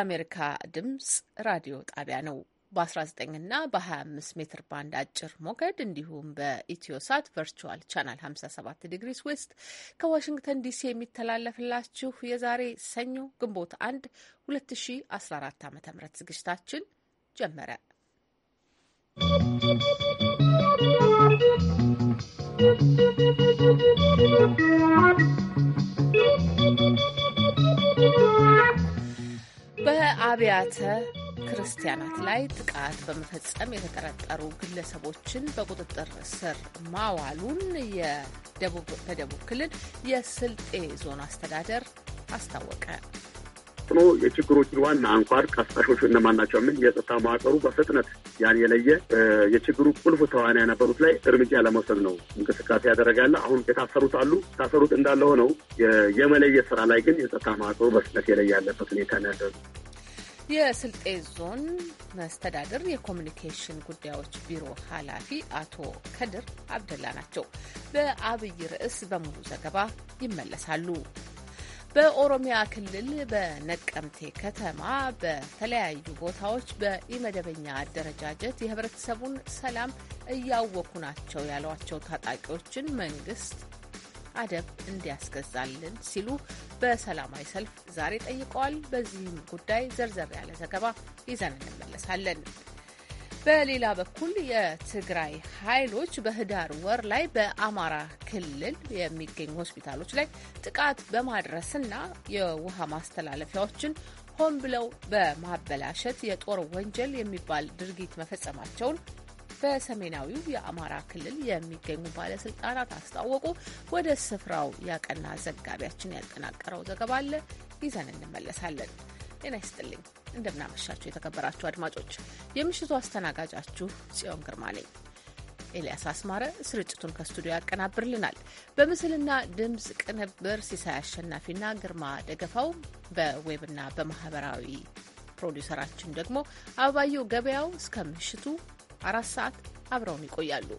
የአሜሪካ ድምጽ ራዲዮ ጣቢያ ነው። በ19 እና በ25 ሜትር ባንድ አጭር ሞገድ እንዲሁም በኢትዮሳት ቨርቹዋል ቻናል 57 ዲግሪስ ዌስት ከዋሽንግተን ዲሲ የሚተላለፍላችሁ የዛሬ ሰኞ ግንቦት 1 2014 ዓ ም ዝግጅታችን ጀመረ። ¶¶ በአብያተ ክርስቲያናት ላይ ጥቃት በመፈጸም የተጠረጠሩ ግለሰቦችን በቁጥጥር ስር ማዋሉን በደቡብ ክልል የስልጤ ዞን አስተዳደር አስታወቀ። ተፈጥኖ የችግሮችን ዋና አንኳር ቀስቃሾቹ እነማን ናቸው? ምን የጸጥታ መዋቅሩ በፍጥነት ያን የለየ የችግሩ ቁልፍ ተዋናያ የነበሩት ላይ እርምጃ ለመውሰድ ነው እንቅስቃሴ ያደረጋለ። አሁን የታሰሩት አሉ። የታሰሩት እንዳለ ሆነው የመለየት ስራ ላይ ግን የጸጥታ መዋቅሩ በፍጥነት የለየ ያለበት ሁኔታ ነው ያለው። የስልጤ ዞን መስተዳድር የኮሚኒኬሽን ጉዳዮች ቢሮ ኃላፊ አቶ ከድር አብደላ ናቸው። በአብይ ርዕስ በሙሉ ዘገባ ይመለሳሉ። በኦሮሚያ ክልል በነቀምቴ ከተማ በተለያዩ ቦታዎች በኢመደበኛ አደረጃጀት የህብረተሰቡን ሰላም እያወኩ ናቸው ያሏቸው ታጣቂዎችን መንግስት አደብ እንዲያስገዛልን ሲሉ በሰላማዊ ሰልፍ ዛሬ ጠይቀዋል። በዚህም ጉዳይ ዘርዘር ያለ ዘገባ ይዘን እንመለሳለን። በሌላ በኩል የትግራይ ኃይሎች በህዳር ወር ላይ በአማራ ክልል የሚገኙ ሆስፒታሎች ላይ ጥቃት በማድረስና የውሃ ማስተላለፊያዎችን ሆን ብለው በማበላሸት የጦር ወንጀል የሚባል ድርጊት መፈጸማቸውን በሰሜናዊው የአማራ ክልል የሚገኙ ባለስልጣናት አስታወቁ። ወደ ስፍራው ያቀና ዘጋቢያችን ያጠናቀረው ዘገባ አለ፣ ይዘን እንመለሳለን። ጤና ይስጥልኝ። እንደምናመሻችሁ የተከበራችሁ አድማጮች፣ የምሽቱ አስተናጋጃችሁ ጽዮን ግርማ ነኝ። ኤልያስ አስማረ ስርጭቱን ከስቱዲዮ ያቀናብርልናል። በምስልና ድምፅ ቅንብር ሲሳይ አሸናፊና ግርማ ደገፋው በዌብና በማህበራዊ ፕሮዲውሰራችን ደግሞ አበባየው ገበያው እስከ ምሽቱ አራት ሰዓት አብረውን ይቆያሉ።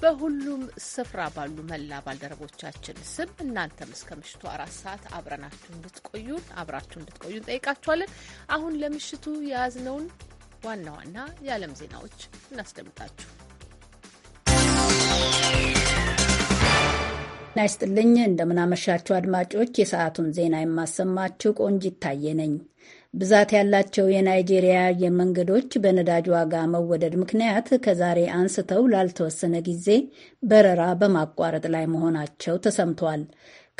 በሁሉም ስፍራ ባሉ መላ ባልደረቦቻችን ስም እናንተም እስከ ምሽቱ አራት ሰዓት አብረናችሁ እንድትቆዩ አብራችሁ እንድትቆዩ እንጠይቃችኋለን። አሁን ለምሽቱ የያዝነውን ዋና ዋና የዓለም ዜናዎች እናስደምጣችሁ። ናይስጥልኝ እንደምናመሻችው እንደምናመሻችሁ አድማጮች፣ የሰዓቱን ዜና የማሰማችሁ ቆንጅ ታየ ነኝ። ብዛት ያላቸው የናይጄሪያ አየር መንገዶች በነዳጅ ዋጋ መወደድ ምክንያት ከዛሬ አንስተው ላልተወሰነ ጊዜ በረራ በማቋረጥ ላይ መሆናቸው ተሰምቷል።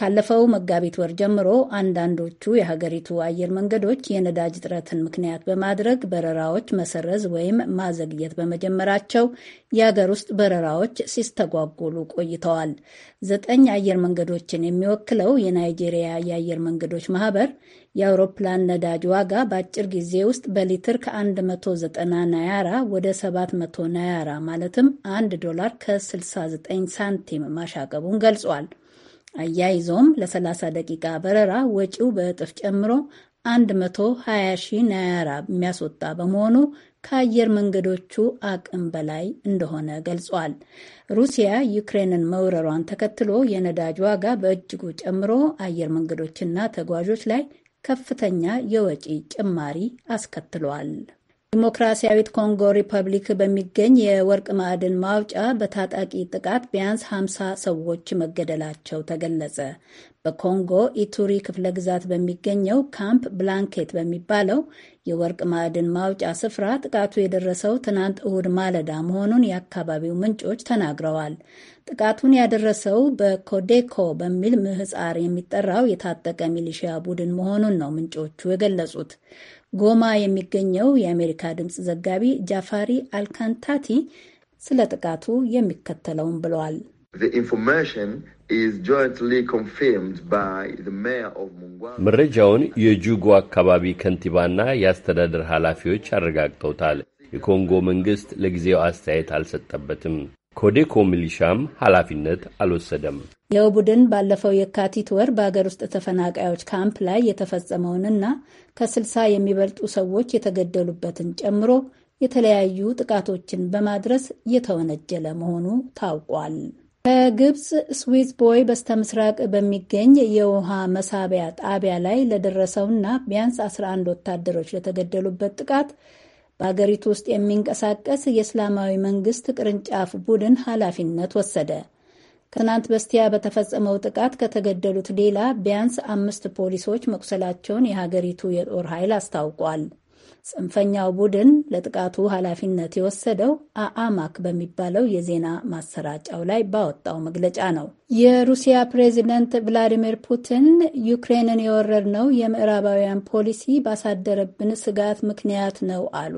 ካለፈው መጋቢት ወር ጀምሮ አንዳንዶቹ የሀገሪቱ አየር መንገዶች የነዳጅ እጥረትን ምክንያት በማድረግ በረራዎች መሰረዝ ወይም ማዘግየት በመጀመራቸው የሀገር ውስጥ በረራዎች ሲስተጓጎሉ ቆይተዋል። ዘጠኝ አየር መንገዶችን የሚወክለው የናይጄሪያ የአየር መንገዶች ማህበር የአውሮፕላን ነዳጅ ዋጋ በአጭር ጊዜ ውስጥ በሊትር ከ190 ናያራ ወደ 700 ናያራ ማለትም 1 ዶላር ከ69 ሳንቲም ማሻቀቡን ገልጿል። አያይዞም ለ30 ደቂቃ በረራ ወጪው በእጥፍ ጨምሮ 120 ሺህ ናያራ የሚያስወጣ በመሆኑ ከአየር መንገዶቹ አቅም በላይ እንደሆነ ገልጿል። ሩሲያ ዩክሬንን መውረሯን ተከትሎ የነዳጅ ዋጋ በእጅጉ ጨምሮ አየር መንገዶችና ተጓዦች ላይ ከፍተኛ የወጪ ጭማሪ አስከትሏል። ዲሞክራሲያዊት ኮንጎ ሪፐብሊክ በሚገኝ የወርቅ ማዕድን ማውጫ በታጣቂ ጥቃት ቢያንስ 50 ሰዎች መገደላቸው ተገለጸ። በኮንጎ ኢቱሪ ክፍለ ግዛት በሚገኘው ካምፕ ብላንኬት በሚባለው የወርቅ ማዕድን ማውጫ ስፍራ ጥቃቱ የደረሰው ትናንት እሁድ ማለዳ መሆኑን የአካባቢው ምንጮች ተናግረዋል። ጥቃቱን ያደረሰው በኮዴኮ በሚል ምህጻር የሚጠራው የታጠቀ ሚሊሺያ ቡድን መሆኑን ነው ምንጮቹ የገለጹት። ጎማ የሚገኘው የአሜሪካ ድምፅ ዘጋቢ ጃፋሪ አልካንታቲ ስለ ጥቃቱ የሚከተለውን ብለዋል። መረጃውን የጁጉ አካባቢ ከንቲባና የአስተዳደር ኃላፊዎች አረጋግጠውታል። የኮንጎ መንግስት ለጊዜው አስተያየት አልሰጠበትም። ኮዴኮ ሚሊሻም ኃላፊነት አልወሰደም። ይኸው ቡድን ባለፈው የካቲት ወር በአገር ውስጥ ተፈናቃዮች ካምፕ ላይ የተፈጸመውንና ከስልሳ የሚበልጡ ሰዎች የተገደሉበትን ጨምሮ የተለያዩ ጥቃቶችን በማድረስ እየተወነጀለ መሆኑ ታውቋል። ከግብፅ ስዊዝ ቦይ በስተምስራቅ በሚገኝ የውሃ መሳቢያ ጣቢያ ላይ ለደረሰውና ቢያንስ 11 ወታደሮች ለተገደሉበት ጥቃት በአገሪቱ ውስጥ የሚንቀሳቀስ የእስላማዊ መንግስት ቅርንጫፍ ቡድን ኃላፊነት ወሰደ። ከትናንት በስቲያ በተፈጸመው ጥቃት ከተገደሉት ሌላ ቢያንስ አምስት ፖሊሶች መቁሰላቸውን የሀገሪቱ የጦር ኃይል አስታውቋል። ጽንፈኛው ቡድን ለጥቃቱ ኃላፊነት የወሰደው አአማክ በሚባለው የዜና ማሰራጫው ላይ ባወጣው መግለጫ ነው። የሩሲያ ፕሬዚደንት ቭላዲሚር ፑቲን ዩክሬንን የወረድነው የምዕራባውያን ፖሊሲ ባሳደረብን ስጋት ምክንያት ነው አሉ።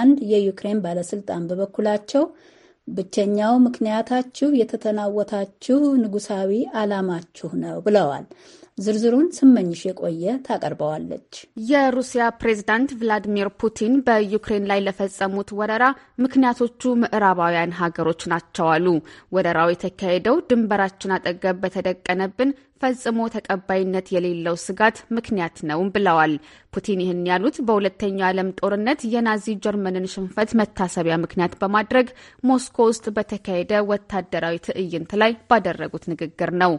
አንድ የዩክሬን ባለስልጣን በበኩላቸው ብቸኛው ምክንያታችሁ የተተናወታችሁ ንጉሳዊ ዓላማችሁ ነው ብለዋል። ዝርዝሩን ስመኝሽ የቆየ ታቀርበዋለች። የሩሲያ ፕሬዝዳንት ቭላዲሚር ፑቲን በዩክሬን ላይ ለፈጸሙት ወረራ ምክንያቶቹ ምዕራባውያን ሀገሮች ናቸው አሉ። ወረራው የተካሄደው ድንበራችን አጠገብ በተደቀነብን ፈጽሞ ተቀባይነት የሌለው ስጋት ምክንያት ነውም ብለዋል። ፑቲን ይህን ያሉት በሁለተኛው ዓለም ጦርነት የናዚ ጀርመንን ሽንፈት መታሰቢያ ምክንያት በማድረግ ሞስኮ ውስጥ በተካሄደ ወታደራዊ ትዕይንት ላይ ባደረጉት ንግግር ነው።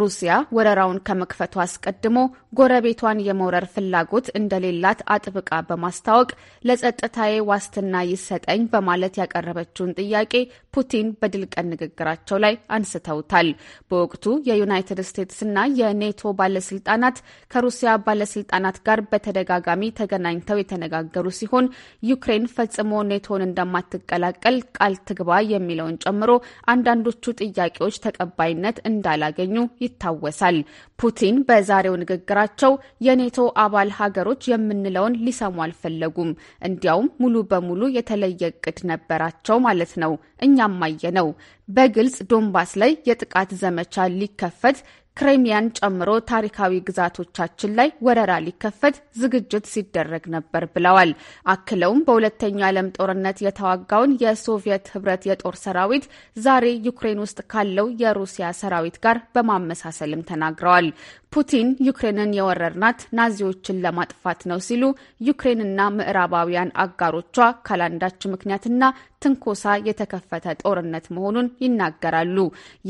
ሩሲያ ወረራውን ከመክፈቱ አስቀድሞ ጎረቤቷን የመውረር ፍላጎት እንደሌላት አጥብቃ በማስታወቅ ለጸጥታዬ ዋስትና ይሰጠኝ በማለት ያቀረበችውን ጥያቄ ፑቲን በድልቀን ንግግራቸው ላይ አንስተውታል። በወቅቱ የዩናይትድ ስቴትስ ስቴትስና የኔቶ ባለስልጣናት ከሩሲያ ባለስልጣናት ጋር በተደጋጋሚ ተገናኝተው የተነጋገሩ ሲሆን ዩክሬን ፈጽሞ ኔቶን እንደማትቀላቀል ቃል ትግባ የሚለውን ጨምሮ አንዳንዶቹ ጥያቄዎች ተቀባይነት እንዳላገኙ ይታወሳል። ፑቲን በዛሬው ንግግራቸው የኔቶ አባል ሀገሮች የምንለውን ሊሰሙ አልፈለጉም፣ እንዲያውም ሙሉ በሙሉ የተለየ እቅድ ነበራቸው ማለት ነው። እኛም ማየ ነው። በግልጽ ዶንባስ ላይ የጥቃት ዘመቻ ሊከፈት ክሬሚያን ጨምሮ ታሪካዊ ግዛቶቻችን ላይ ወረራ ሊከፈት ዝግጅት ሲደረግ ነበር ብለዋል። አክለውም በሁለተኛው ዓለም ጦርነት የተዋጋውን የሶቪየት ህብረት የጦር ሰራዊት ዛሬ ዩክሬን ውስጥ ካለው የሩሲያ ሰራዊት ጋር በማመሳሰልም ተናግረዋል። ፑቲን ዩክሬንን የወረርናት ናዚዎችን ለማጥፋት ነው ሲሉ ዩክሬንና ምዕራባውያን አጋሮቿ ካላንዳች ምክንያትና ትንኮሳ የተከፈተ ጦርነት መሆኑን ይናገራሉ።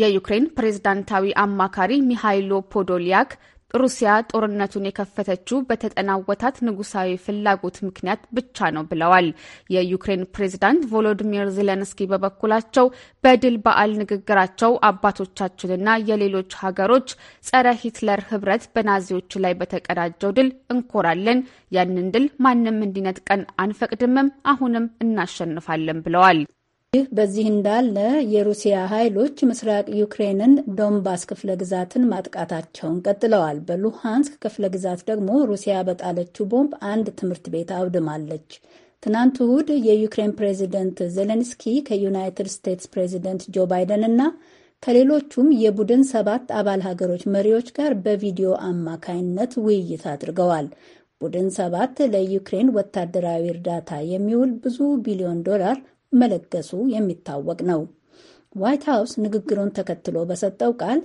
የዩክሬን ፕሬዝዳንታዊ አማካሪ ሚሃይሎ ፖዶሊያክ ሩሲያ ጦርነቱን የከፈተችው በተጠናወታት ንጉሳዊ ፍላጎት ምክንያት ብቻ ነው ብለዋል። የዩክሬን ፕሬዝዳንት ቮሎዲሚር ዜሌንስኪ በበኩላቸው በድል በዓል ንግግራቸው አባቶቻችንና የሌሎች ሀገሮች ጸረ ሂትለር ህብረት በናዚዎች ላይ በተቀዳጀው ድል እንኮራለን፣ ያንን ድል ማንም እንዲነጥቀን አንፈቅድምም፣ አሁንም እናሸንፋለን ብለዋል። ይህ በዚህ እንዳለ የሩሲያ ኃይሎች ምስራቅ ዩክሬንን ዶንባስ ክፍለ ግዛትን ማጥቃታቸውን ቀጥለዋል። በሉሃንስክ ክፍለ ግዛት ደግሞ ሩሲያ በጣለችው ቦምብ አንድ ትምህርት ቤት አውድማለች። ትናንት እሁድ የዩክሬን ፕሬዚደንት ዜሌንስኪ ከዩናይትድ ስቴትስ ፕሬዚደንት ጆ ባይደን እና ከሌሎቹም የቡድን ሰባት አባል ሀገሮች መሪዎች ጋር በቪዲዮ አማካይነት ውይይት አድርገዋል። ቡድን ሰባት ለዩክሬን ወታደራዊ እርዳታ የሚውል ብዙ ቢሊዮን ዶላር መለገሱ የሚታወቅ ነው። ዋይት ሀውስ ንግግሩን ተከትሎ በሰጠው ቃል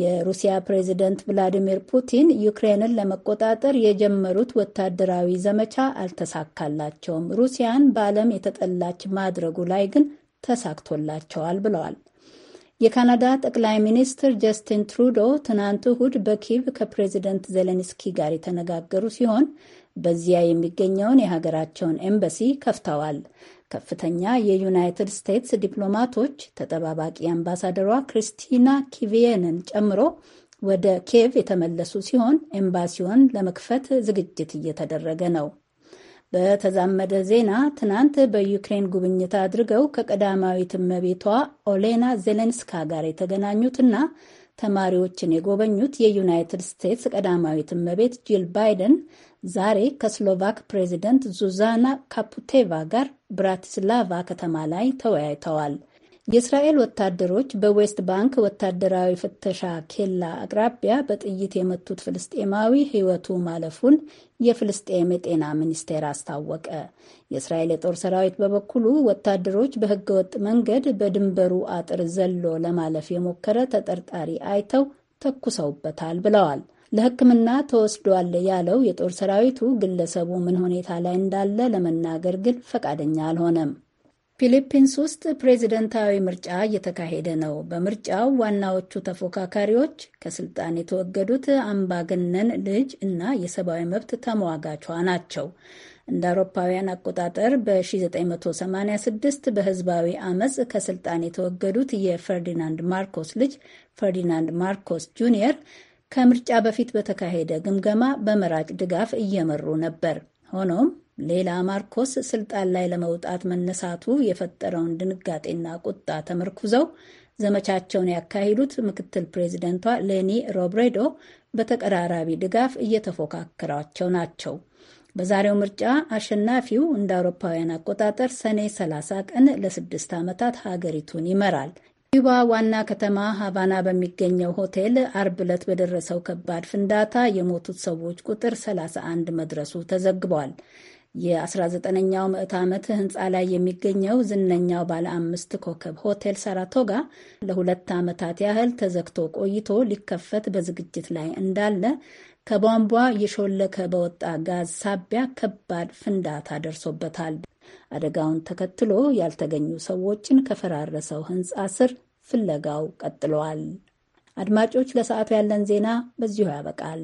የሩሲያ ፕሬዚደንት ቭላዲሚር ፑቲን ዩክሬንን ለመቆጣጠር የጀመሩት ወታደራዊ ዘመቻ አልተሳካላቸውም፣ ሩሲያን በዓለም የተጠላች ማድረጉ ላይ ግን ተሳክቶላቸዋል ብለዋል። የካናዳ ጠቅላይ ሚኒስትር ጀስቲን ትሩዶ ትናንት እሁድ በኪቭ ከፕሬዚደንት ዜሌንስኪ ጋር የተነጋገሩ ሲሆን በዚያ የሚገኘውን የሀገራቸውን ኤምባሲ ከፍተዋል። ከፍተኛ የዩናይትድ ስቴትስ ዲፕሎማቶች ተጠባባቂ አምባሳደሯ ክሪስቲና ኪቪየንን ጨምሮ ወደ ኬቭ የተመለሱ ሲሆን ኤምባሲውን ለመክፈት ዝግጅት እየተደረገ ነው። በተዛመደ ዜና ትናንት በዩክሬን ጉብኝት አድርገው ከቀዳማዊት እመቤቷ ኦሌና ዜሌንስካ ጋር የተገናኙትና ተማሪዎችን የጎበኙት የዩናይትድ ስቴትስ ቀዳማዊት እመቤት ጂል ባይደን ዛሬ ከስሎቫክ ፕሬዚደንት ዙዛና ካፑቴቫ ጋር ብራቲስላቫ ከተማ ላይ ተወያይተዋል። የእስራኤል ወታደሮች በዌስት ባንክ ወታደራዊ ፍተሻ ኬላ አቅራቢያ በጥይት የመቱት ፍልስጤማዊ ሕይወቱ ማለፉን የፍልስጤም የጤና ሚኒስቴር አስታወቀ። የእስራኤል የጦር ሰራዊት በበኩሉ ወታደሮች በሕገወጥ መንገድ በድንበሩ አጥር ዘሎ ለማለፍ የሞከረ ተጠርጣሪ አይተው ተኩሰውበታል ብለዋል። ለሕክምና ተወስዷል ያለው የጦር ሰራዊቱ ግለሰቡ ምን ሁኔታ ላይ እንዳለ ለመናገር ግን ፈቃደኛ አልሆነም። ፊሊፒንስ ውስጥ ፕሬዚደንታዊ ምርጫ እየተካሄደ ነው። በምርጫው ዋናዎቹ ተፎካካሪዎች ከስልጣን የተወገዱት አምባገነን ልጅ እና የሰብአዊ መብት ተሟጋቿ ናቸው። እንደ አውሮፓውያን አቆጣጠር በ1986 በህዝባዊ አመፅ ከስልጣን የተወገዱት የፈርዲናንድ ማርኮስ ልጅ ፈርዲናንድ ማርኮስ ጁኒየር ከምርጫ በፊት በተካሄደ ግምገማ በመራጭ ድጋፍ እየመሩ ነበር። ሆኖም ሌላ ማርኮስ ስልጣን ላይ ለመውጣት መነሳቱ የፈጠረውን ድንጋጤና ቁጣ ተመርኩዘው ዘመቻቸውን ያካሂዱት ምክትል ፕሬዚደንቷ ሌኒ ሮብሬዶ በተቀራራቢ ድጋፍ እየተፎካከሯቸው ናቸው። በዛሬው ምርጫ አሸናፊው እንደ አውሮፓውያን አቆጣጠር ሰኔ 30 ቀን ለስድስት ዓመታት ሀገሪቱን ይመራል። ኪዩባ ዋና ከተማ ሀቫና በሚገኘው ሆቴል አርብ ዕለት በደረሰው ከባድ ፍንዳታ የሞቱት ሰዎች ቁጥር 31 መድረሱ ተዘግቧል። የ19ኛው ምዕት ዓመት ህንፃ ላይ የሚገኘው ዝነኛው ባለ አምስት ኮከብ ሆቴል ሳራቶጋ ለሁለት ዓመታት ያህል ተዘግቶ ቆይቶ ሊከፈት በዝግጅት ላይ እንዳለ ከቧንቧ የሾለከ በወጣ ጋዝ ሳቢያ ከባድ ፍንዳታ ደርሶበታል። አደጋውን ተከትሎ ያልተገኙ ሰዎችን ከፈራረሰው ህንፃ ስር ፍለጋው ቀጥለዋል። አድማጮች፣ ለሰዓቱ ያለን ዜና በዚሁ ያበቃል።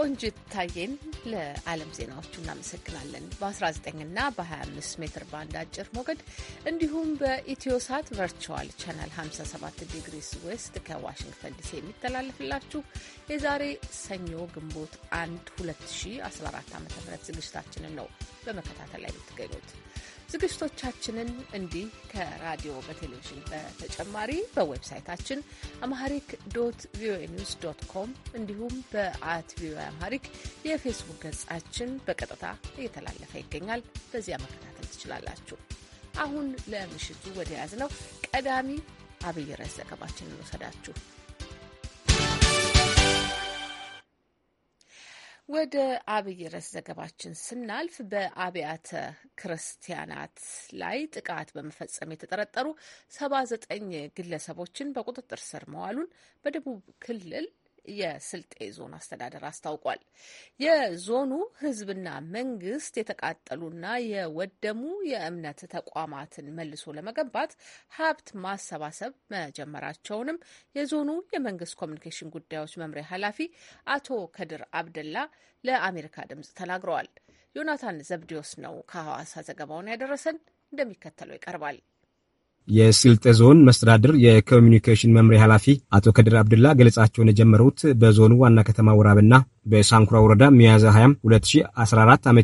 ቆንጅት ታዬን ለዓለም ዜናዎቹ እናመሰግናለን። 19 እና በ25 ሜትር ባንድ አጭር ሞገድ እንዲሁም በኢትዮሳት ቨርቹዋል ቻናል 57 ዲግሪስ ዌስት ከዋሽንግተን ዲሲ የሚተላለፍላችሁ የዛሬ ሰኞ ግንቦት 1 2014 ዓ ም ዝግጅታችንን ነው በመከታተል ላይ የምትገኙት። ዝግጅቶቻችንን እንዲህ ከራዲዮ በቴሌቪዥን በተጨማሪ በዌብሳይታችን አማሐሪክ ዶት ቪኦኤ ኒውስ ዶት ኮም እንዲሁም በአት ቪኦኤ አማሪክ የፌስቡክ ገጻችን በቀጥታ እየተላለፈ ይገኛል። በዚያ መከታተል ትችላላችሁ። አሁን ለምሽቱ ወደ ያዝ ነው ቀዳሚ አብይ ርዕስ ዘገባችን እንወሰዳችሁ። ወደ አብይ ርዕስ ዘገባችን ስናልፍ በአብያተ ክርስቲያናት ላይ ጥቃት በመፈጸም የተጠረጠሩ ሰባ ዘጠኝ ግለሰቦችን በቁጥጥር ስር መዋሉን በደቡብ ክልል የስልጤ ዞን አስተዳደር አስታውቋል። የዞኑ ህዝብና መንግስት የተቃጠሉና የወደሙ የእምነት ተቋማትን መልሶ ለመገንባት ሀብት ማሰባሰብ መጀመራቸውንም የዞኑ የመንግስት ኮሚኒኬሽን ጉዳዮች መምሪያ ኃላፊ አቶ ከድር አብደላ ለአሜሪካ ድምጽ ተናግረዋል። ዮናታን ዘብዲዮስ ነው ከሐዋሳ ዘገባውን ያደረሰን፣ እንደሚከተለው ይቀርባል። የስልጤ ዞን መስተዳድር የኮሚኒኬሽን መምሪያ ኃላፊ አቶ ከድር አብድላ ገለጻቸውን የጀመሩት በዞኑ ዋና ከተማ ውራብና በሳንኩራ ወረዳ ሚያዝያ 20 2014 ዓ ም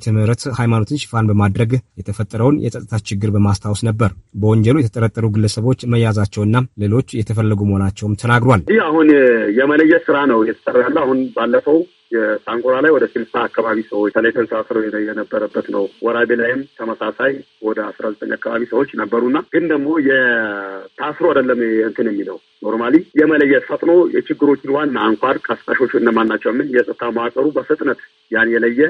ሃይማኖትን ሽፋን በማድረግ የተፈጠረውን የጸጥታ ችግር በማስታወስ ነበር። በወንጀሉ የተጠረጠሩ ግለሰቦች መያዛቸውና ሌሎች የተፈለጉ መሆናቸውም ተናግሯል። ይህ አሁን የመለየት ስራ ነው የተሰራ ያለ አሁን ባለፈው የሳንጎራ ላይ ወደ ስልሳ አካባቢ ሰዎች ተለይ ተንሳፍረው የነበረበት ነው። ወራቤ ላይም ተመሳሳይ ወደ አስራ ዘጠኝ አካባቢ ሰዎች ነበሩና ግን ደግሞ የታስሮ አይደለም እንትን የሚለው ኖርማሊ የመለየት ፈጥኖ የችግሮችን ዋና አንኳር ቀስቃሾቹ እነማን ናቸው የሚል የጸጥታ መዋቅሩ በፍጥነት ያን የለየ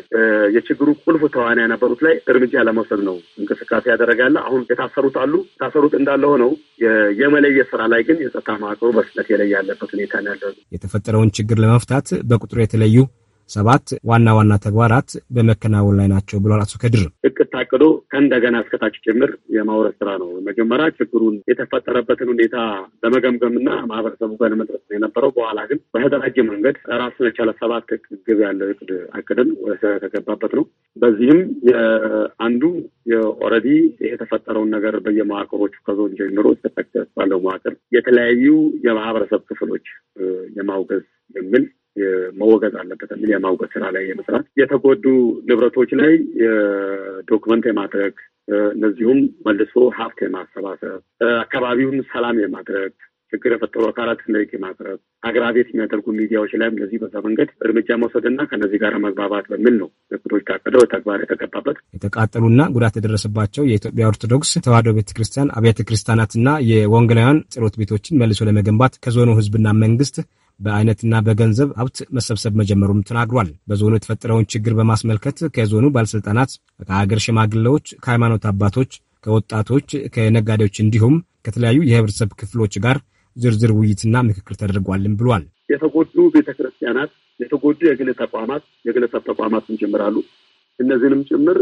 የችግሩ ቁልፍ ተዋና የነበሩት ላይ እርምጃ ለመውሰድ ነው እንቅስቃሴ ያደረጋለ። አሁን የታሰሩት አሉ። የታሰሩት እንዳለ ሆነው የመለየት ስራ ላይ ግን የጸጥታ መዋቅሩ በፍጥነት የለየ ያለበት ሁኔታ ነው ያለው። የተፈጠረውን ችግር ለመፍታት በቁጥሩ የተለዩ ሰባት ዋና ዋና ተግባራት በመከናወን ላይ ናቸው ብሏል አቶ ከድር። እቅድ ታቅዶ ከእንደገና እስከታች ጭምር የማውረድ ስራ ነው። መጀመሪያ ችግሩን የተፈጠረበትን ሁኔታ በመገምገምና ማህበረሰቡ ጋር ለመድረስ የነበረው። በኋላ ግን በተደራጀ መንገድ ራሱን የቻለ ሰባት ግብ ያለው እቅድ አቅድን ተገባበት ነው። በዚህም አንዱ የኦልሬዲ የተፈጠረውን ነገር በየመዋቅሮቹ ከዞን ጀምሮ ባለው መዋቅር የተለያዩ የማህበረሰብ ክፍሎች የማውገዝ የሚል መወገዝ አለበት የሚል የማውገዝ ስራ ላይ የመስራት የተጎዱ ንብረቶች ላይ ዶክመንት የማድረግ እነዚሁም መልሶ ሀብት የማሰባሰብ አካባቢውን ሰላም የማድረግ ችግር የፈጠሩ አካላት ለህግ የማቅረብ አግራቤት የሚያደርጉ ሚዲያዎች ላይም ለዚህ በዛ መንገድ እርምጃ መውሰድና ከነዚህ ጋር መግባባት በሚል ነው እቅዶች ታቅደው ተግባር የተገባበት። የተቃጠሉና ጉዳት የደረሰባቸው የኢትዮጵያ ኦርቶዶክስ ተዋሕዶ ቤተክርስቲያን ክርስቲያን አብያተ ክርስቲያናትና የወንጌላውያን ጸሎት ቤቶችን መልሶ ለመገንባት ከዞኑ ህዝብና መንግስት በአይነትና በገንዘብ ሀብት መሰብሰብ መጀመሩም ተናግሯል። በዞኑ የተፈጠረውን ችግር በማስመልከት ከዞኑ ባለስልጣናት፣ ከሀገር ሽማግሌዎች፣ ከሃይማኖት አባቶች፣ ከወጣቶች፣ ከነጋዴዎች እንዲሁም ከተለያዩ የህብረተሰብ ክፍሎች ጋር ዝርዝር ውይይትና ምክክር ተደርጓልም ብሏል። የተጎዱ ቤተክርስቲያናት፣ የተጎዱ የግል ተቋማት የግለሰብ ተቋማት እንጀምራሉ እነዚህንም ጭምር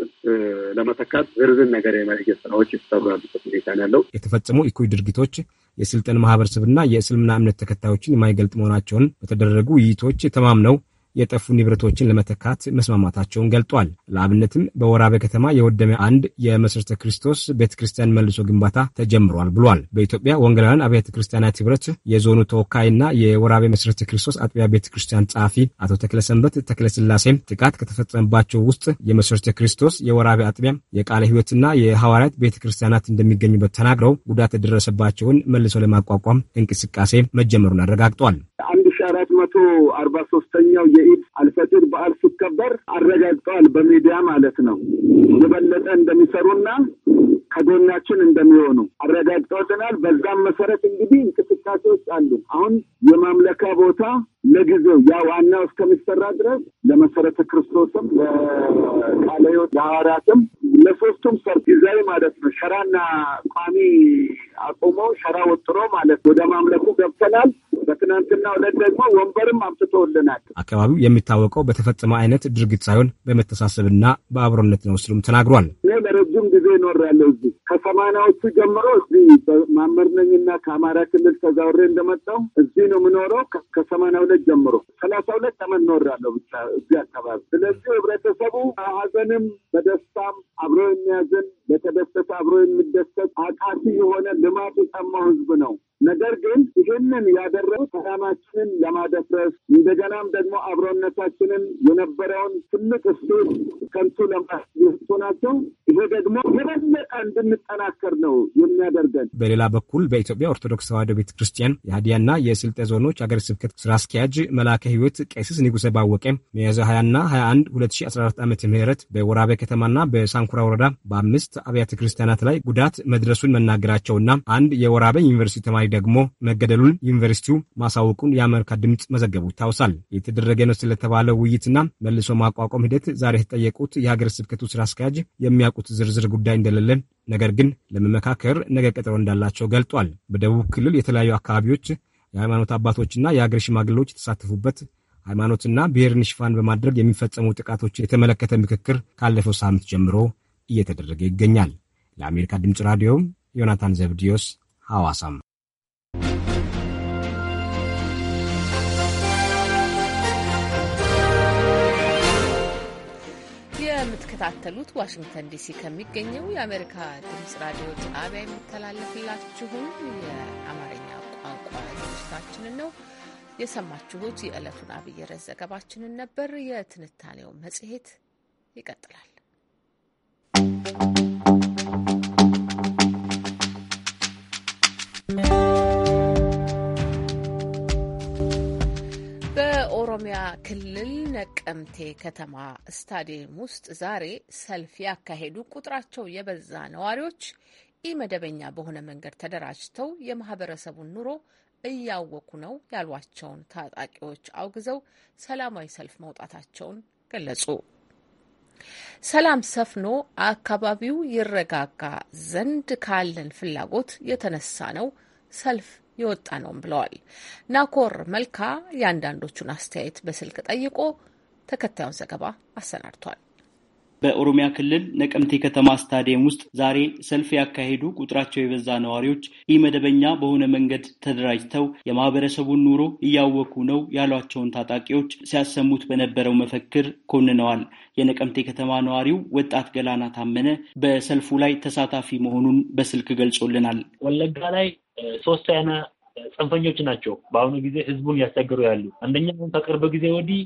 ለመተካት ዝርዝር ነገር የመለየት ስራዎች የተሰሩ ያሉበት ሁኔታ ያለው። የተፈጸሙ እኩይ ድርጊቶች የስልጠን ማህበረሰብና የእስልምና እምነት ተከታዮችን የማይገልጥ መሆናቸውን በተደረጉ ውይይቶች ተማምነው የጠፉ ንብረቶችን ለመተካት መስማማታቸውን ገልጧል። ለአብነትም በወራቤ ከተማ የወደመ አንድ የመሠረተ ክርስቶስ ቤተ ክርስቲያን መልሶ ግንባታ ተጀምሯል ብሏል። በኢትዮጵያ ወንጌላውያን አብያተ ክርስቲያናት ህብረት የዞኑ ተወካይና የወራቤ መስረተ ክርስቶስ አጥቢያ ቤተ ክርስቲያን ጸሐፊ አቶ ተክለሰንበት ተክለስላሴ ጥቃት ከተፈጸመባቸው ውስጥ የመሰረተ ክርስቶስ የወራቤ አጥቢያ የቃለ ህይወትና የሐዋርያት ቤተ ክርስቲያናት እንደሚገኙበት ተናግረው ጉዳት የደረሰባቸውን መልሶ ለማቋቋም እንቅስቃሴ መጀመሩን አረጋግጧል። አራት መቶ አርባ ሶስተኛው የኢድ አልፈጥር በዓል ሲከበር አረጋግጠዋል። በሚዲያ ማለት ነው የበለጠ እንደሚሰሩና ከጎናችን እንደሚሆኑ አረጋግጠውልናል። በዛም መሰረት እንግዲህ እንቅስቃሴዎች አሉ። አሁን የማምለካ ቦታ ለጊዜው ያ ዋናው እስከሚሰራ ድረስ ለመሰረተ ክርስቶስም ለቃለ ሕይወት ለሐዋርያትም ለሶስቱም ሰር ጊዜያዊ ማለት ነው ሸራና ቋሚ አቁሞ ሸራ ወጥሮ ማለት ወደ ማምለኩ ገብተናል። በትናንትና ወደ ደግሞ ወንበርም አምጥቶልናል። አካባቢው የሚታወቀው በተፈጸመ አይነት ድርጊት ሳይሆን በመተሳሰብና በአብሮነት ነው ስሉም ተናግሯል። እኔ ለረጅም ጊዜ እኖራለሁ እዚህ ከሰማናዎቹ ጀምሮ እዚህ ማመር ነኝና ከአማራ ክልል ተዛውሬ እንደመጣው እዚህ ነው የምኖረው። ከሰማና ሁለት ጀምሮ ሰላሳ ሁለት ዓመት እኖራለሁ ብቻ እዚህ አካባቢ። ስለዚህ ህብረተሰቡ ሀዘንም በደስታም አብሮ የሚያዝን በተደሰተ አብሮ የሚደሰት አቃፊ የሆነ ልማት የጠማው ህዝብ ነው። ነገር ግን ይህንን ያደረጉ ሰላማችንን ለማደፍረስ እንደገናም ደግሞ አብሮነታችንን የነበረውን ትልቅ እሱ ከንቱ ለማስቱ ናቸው። ይሄ ደግሞ የበለጠ እንድንጠናከር ነው የሚያደርገን። በሌላ በኩል በኢትዮጵያ ኦርቶዶክስ ተዋሕዶ ቤተ ክርስቲያን የሀዲያና የስልጤ ዞኖች አገር ስብከት ስራ አስኪያጅ መላከ ሕይወት ቀሲስ ንጉሰ ባወቀ ሚያዝያ 20ና 21 2014 ዓ ም በወራቤ ከተማና በሳንኩራ ወረዳ በአምስት አብያተ ክርስቲያናት ላይ ጉዳት መድረሱን መናገራቸውና አንድ የወራቤ ዩኒቨርሲቲ ተማሪ ደግሞ መገደሉን ዩኒቨርሲቲው ማሳወቁን የአሜሪካ ድምፅ መዘገቡ ይታወሳል። የተደረገ ነው ስለተባለው ውይይትና መልሶ ማቋቋም ሂደት ዛሬ የተጠየቁት የሀገር ስብከቱ ስራ አስኪያጅ የሚያ የሚያውቁት ዝርዝር ጉዳይ እንደሌለን ነገር ግን ለመመካከር ነገ ቀጠሮ እንዳላቸው ገልጧል። በደቡብ ክልል የተለያዩ አካባቢዎች የሃይማኖት አባቶችና የአገር ሽማግሌዎች የተሳተፉበት ሃይማኖትና ብሔርን ሽፋን በማድረግ የሚፈጸሙ ጥቃቶች የተመለከተ ምክክር ካለፈው ሳምንት ጀምሮ እየተደረገ ይገኛል። ለአሜሪካ ድምፅ ራዲዮ ዮናታን ዘብዲዮስ ሐዋሳም የምትከታተሉት ዋሽንግተን ዲሲ ከሚገኘው የአሜሪካ ድምጽ ራዲዮ ጣቢያ የሚተላለፍላችሁን የአማርኛ ቋንቋ ዝግጅታችንን ነው የሰማችሁት። የዕለቱን አብይ ርዕስ ዘገባችንን ነበር። የትንታኔው መጽሔት ይቀጥላል። በኦሮሚያ ክልል ነቀምቴ ከተማ ስታዲየም ውስጥ ዛሬ ሰልፍ ያካሄዱ ቁጥራቸው የበዛ ነዋሪዎች ኢመደበኛ በሆነ መንገድ ተደራጅተው የማህበረሰቡን ኑሮ እያወኩ ነው ያሏቸውን ታጣቂዎች አውግዘው ሰላማዊ ሰልፍ መውጣታቸውን ገለጹ። ሰላም ሰፍኖ አካባቢው ይረጋጋ ዘንድ ካለን ፍላጎት የተነሳ ነው ሰልፍ የወጣ ነውም ብለዋል። ናኮር መልካ የአንዳንዶቹን አስተያየት በስልክ ጠይቆ ተከታዩን ዘገባ አሰናድቷል። በኦሮሚያ ክልል ነቀምቴ ከተማ ስታዲየም ውስጥ ዛሬ ሰልፍ ያካሄዱ ቁጥራቸው የበዛ ነዋሪዎች ኢመደበኛ በሆነ መንገድ ተደራጅተው የማህበረሰቡን ኑሮ እያወኩ ነው ያሏቸውን ታጣቂዎች ሲያሰሙት በነበረው መፈክር ኮንነዋል። የነቀምቴ ከተማ ነዋሪው ወጣት ገላና ታመነ በሰልፉ ላይ ተሳታፊ መሆኑን በስልክ ገልጾልናል። ወለጋ ላይ ሶስት አይነት ጽንፈኞች ናቸው በአሁኑ ጊዜ ህዝቡን ያስቸገሩ ያሉ። አንደኛ ከቅርብ ጊዜ ወዲህ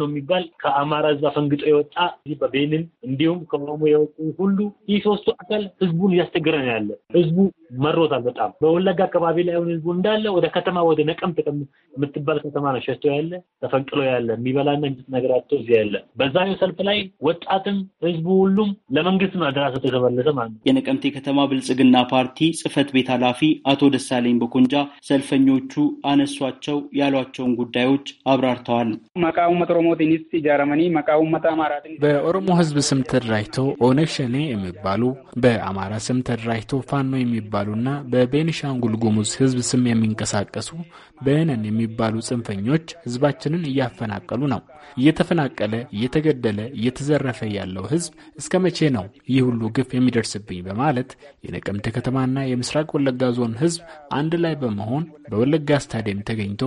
ነው የሚባል ከአማራ እዛ ፈንግጦ የወጣ በቤኒን እንዲሁም ከኦሮሞ የወጡ ሁሉ ይህ ሶስቱ አካል ህዝቡን እያስቸገረ ነው ያለ። ህዝቡ መሮታል በጣም በወለጋ አካባቢ ላይ አሁን ህዝቡ እንዳለ ወደ ከተማ ወደ ነቀምት የምትባል ከተማ ነው ሸሽቶ ያለ ተፈንቅሎ ያለ የሚበላና እንጭት ነገር አጥቶ እዚህ ያለ። በዛኛው ሰልፍ ላይ ወጣትም ህዝቡ ሁሉም ለመንግስት ነው አደራ ሰጥቶ የተመለሰ ማለት ነው። የነቀምቴ ከተማ ብልጽግና ፓርቲ ጽህፈት ቤት ኃላፊ አቶ ደሳለኝ በኮንጃ ሰልፈኞቹ አነሷቸው ያሏቸውን ጉዳዮች አብራርተዋል። በኦሮሞ ህዝብ ስም ተደራጅቶ ኦነግ ሸኔ የሚባሉ በአማራ ስም ተደራጅቶ ፋኖ የሚባሉና በቤኒሻንጉል ጉሙዝ ሕዝብ ስም የሚንቀሳቀሱ በእነን የሚባሉ ጽንፈኞች ህዝባችንን እያፈናቀሉ ነው። እየተፈናቀለ፣ እየተገደለ፣ እየተዘረፈ ያለው ህዝብ እስከ መቼ ነው ይህ ሁሉ ግፍ የሚደርስብኝ? በማለት የነቀምት ከተማና የምስራቅ ወለጋ ዞን ህዝብ አንድ ላይ በመሆን በወለጋ ስታዲየም ተገኝቶ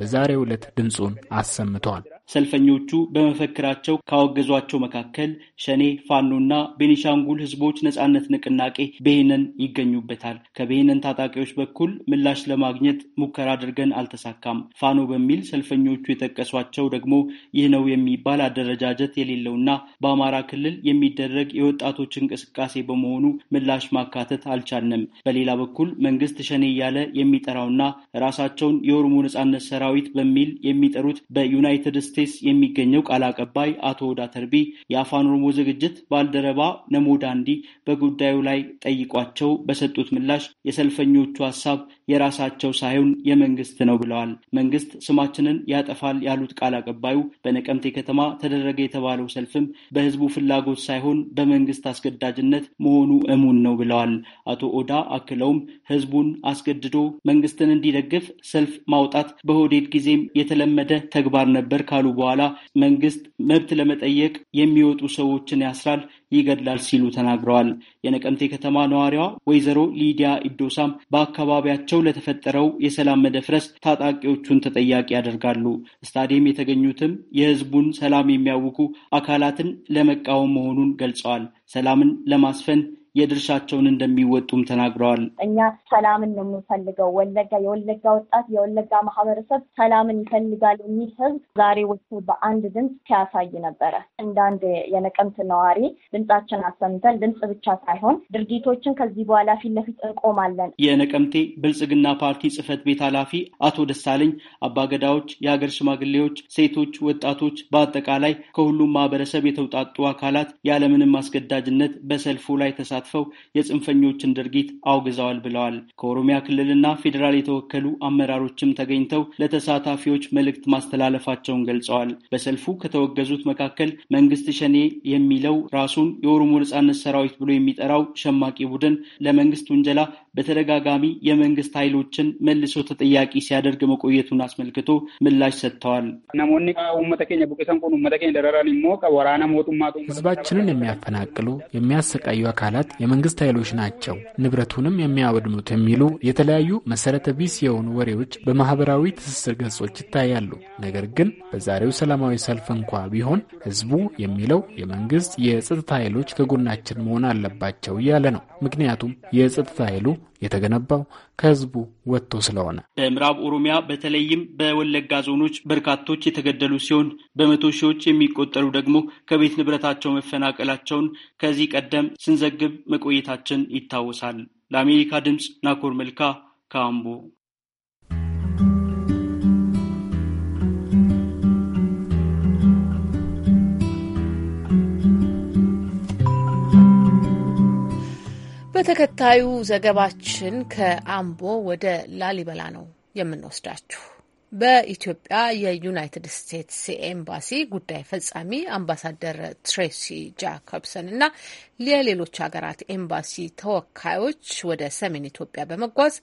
በዛሬው ዕለት ድምፁን አሰምተዋል። ሰልፈኞቹ በመፈክራቸው ካወገዟቸው መካከል ሸኔ፣ ፋኖና ቤኒሻንጉል ህዝቦች ነጻነት ንቅናቄ ቤሄነን ይገኙበታል። ከቤሄነን ታጣቂዎች በኩል ምላሽ ለማግኘት ሙከራ አድርገን አልተሳካም። ፋኖ በሚል ሰልፈኞቹ የጠቀሷቸው ደግሞ ይህ ነው የሚባል አደረጃጀት የሌለውና በአማራ ክልል የሚደረግ የወጣቶች እንቅስቃሴ በመሆኑ ምላሽ ማካተት አልቻልንም። በሌላ በኩል መንግስት ሸኔ እያለ የሚጠራውና ራሳቸውን የኦሮሞ ነጻነት ሰራዊት በሚል የሚጠሩት በዩናይትድ ስቴትስ ስቴትስ የሚገኘው ቃል አቀባይ አቶ ወዳ ተርቢ የአፋን ኦሮሞ ዝግጅት ባልደረባ ነሞዳንዲ በጉዳዩ ላይ ጠይቋቸው በሰጡት ምላሽ የሰልፈኞቹ ሀሳብ የራሳቸው ሳይሆን የመንግስት ነው ብለዋል። መንግስት ስማችንን ያጠፋል ያሉት ቃል አቀባዩ በነቀምቴ ከተማ ተደረገ የተባለው ሰልፍም በህዝቡ ፍላጎት ሳይሆን በመንግስት አስገዳጅነት መሆኑ እሙን ነው ብለዋል። አቶ ኦዳ አክለውም ህዝቡን አስገድዶ መንግስትን እንዲደግፍ ሰልፍ ማውጣት በሆዴድ ጊዜም የተለመደ ተግባር ነበር ካሉ በኋላ መንግስት መብት ለመጠየቅ የሚወጡ ሰዎችን ያስራል፣ ይገድላል ሲሉ ተናግረዋል። የነቀምቴ ከተማ ነዋሪዋ ወይዘሮ ሊዲያ ኢዶሳም በአካባቢያቸው ለተፈጠረው የሰላም መደፍረስ ታጣቂዎቹን ተጠያቂ ያደርጋሉ። ስታዲየም የተገኙትም የህዝቡን ሰላም የሚያውኩ አካላትን ለመቃወም መሆኑን ገልጸዋል። ሰላምን ለማስፈን የድርሻቸውን እንደሚወጡም ተናግረዋል። እኛ ሰላምን ነው የምንፈልገው። ወለጋ የወለጋ ወጣት የወለጋ ማህበረሰብ ሰላምን ይፈልጋል የሚል ህዝብ ዛሬ ወጥቶ በአንድ ድምፅ ሲያሳይ ነበረ። እንደ አንድ የነቀምት ነዋሪ ድምፃችን አሰምተን ድምፅ ብቻ ሳይሆን ድርጊቶችን ከዚህ በኋላ ፊት ለፊት እንቆማለን። የነቀምቴ ብልጽግና ፓርቲ ጽህፈት ቤት ኃላፊ አቶ ደሳለኝ አባገዳዎች፣ የሀገር ሽማግሌዎች፣ ሴቶች፣ ወጣቶች በአጠቃላይ ከሁሉም ማህበረሰብ የተውጣጡ አካላት ያለምንም አስገዳጅነት በሰልፉ ላይ ተሳትፈ ተሳትፈው የጽንፈኞችን ድርጊት አውግዘዋል ብለዋል። ከኦሮሚያ ክልልና ፌዴራል የተወከሉ አመራሮችም ተገኝተው ለተሳታፊዎች መልእክት ማስተላለፋቸውን ገልጸዋል። በሰልፉ ከተወገዙት መካከል መንግስት ሸኔ የሚለው ራሱን የኦሮሞ ነጻነት ሰራዊት ብሎ የሚጠራው ሸማቂ ቡድን ለመንግስት ውንጀላ በተደጋጋሚ የመንግስት ኃይሎችን መልሶ ተጠያቂ ሲያደርግ መቆየቱን አስመልክቶ ምላሽ ሰጥተዋል። ህዝባችንን የሚያፈናቅሉ የሚያሰቃዩ አካላት የመንግስት ኃይሎች ናቸው ንብረቱንም የሚያወድሙት የሚሉ የተለያዩ መሰረተ ቢስ የሆኑ ወሬዎች በማህበራዊ ትስስር ገጾች ይታያሉ። ነገር ግን በዛሬው ሰላማዊ ሰልፍ እንኳ ቢሆን ህዝቡ የሚለው የመንግስት የጸጥታ ኃይሎች ከጎናችን መሆን አለባቸው እያለ ነው። ምክንያቱም የጸጥታ ኃይሉ የተገነባው ከህዝቡ ወጥቶ ስለሆነ በምዕራብ ኦሮሚያ በተለይም በወለጋ ዞኖች በርካቶች የተገደሉ ሲሆን በመቶ ሺዎች የሚቆጠሩ ደግሞ ከቤት ንብረታቸው መፈናቀላቸውን ከዚህ ቀደም ስንዘግብ መቆየታችን ይታወሳል። ለአሜሪካ ድምፅ ናኮር መልካ ካምቦ በተከታዩ ዘገባችን ከአምቦ ወደ ላሊበላ ነው የምንወስዳችሁ። በኢትዮጵያ የዩናይትድ ስቴትስ ኤምባሲ ጉዳይ ፈጻሚ አምባሳደር ትሬሲ ጃኮብሰን እና የሌሎች ሀገራት ኤምባሲ ተወካዮች ወደ ሰሜን ኢትዮጵያ በመጓዝ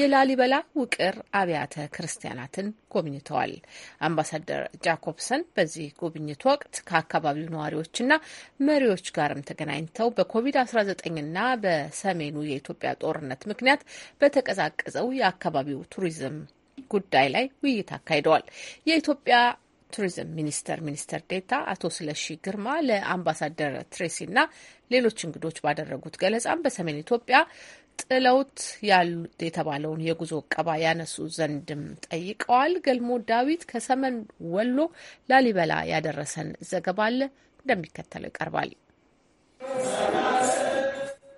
የላሊበላ ውቅር አብያተ ክርስቲያናትን ጎብኝተዋል። አምባሳደር ጃኮብሰን በዚህ ጉብኝት ወቅት ከአካባቢው ነዋሪዎችና መሪዎች ጋርም ተገናኝተው በኮቪድ-19ና በሰሜኑ የኢትዮጵያ ጦርነት ምክንያት በተቀዛቀዘው የአካባቢው ቱሪዝም ጉዳይ ላይ ውይይት አካሂደዋል። የኢትዮጵያ ቱሪዝም ሚኒስቴር ሚኒስትር ዴታ አቶ ስለሺ ግርማ ለአምባሳደር ትሬሲ እና ሌሎች እንግዶች ባደረጉት ገለጻም በሰሜን ኢትዮጵያ ጥለውት ያሉ የተባለውን የጉዞ እቀባ ያነሱ ዘንድም ጠይቀዋል። ገልሞ ዳዊት ከሰሜን ወሎ ላሊበላ ያደረሰን ዘገባ አለ እንደሚከተለው ይቀርባል።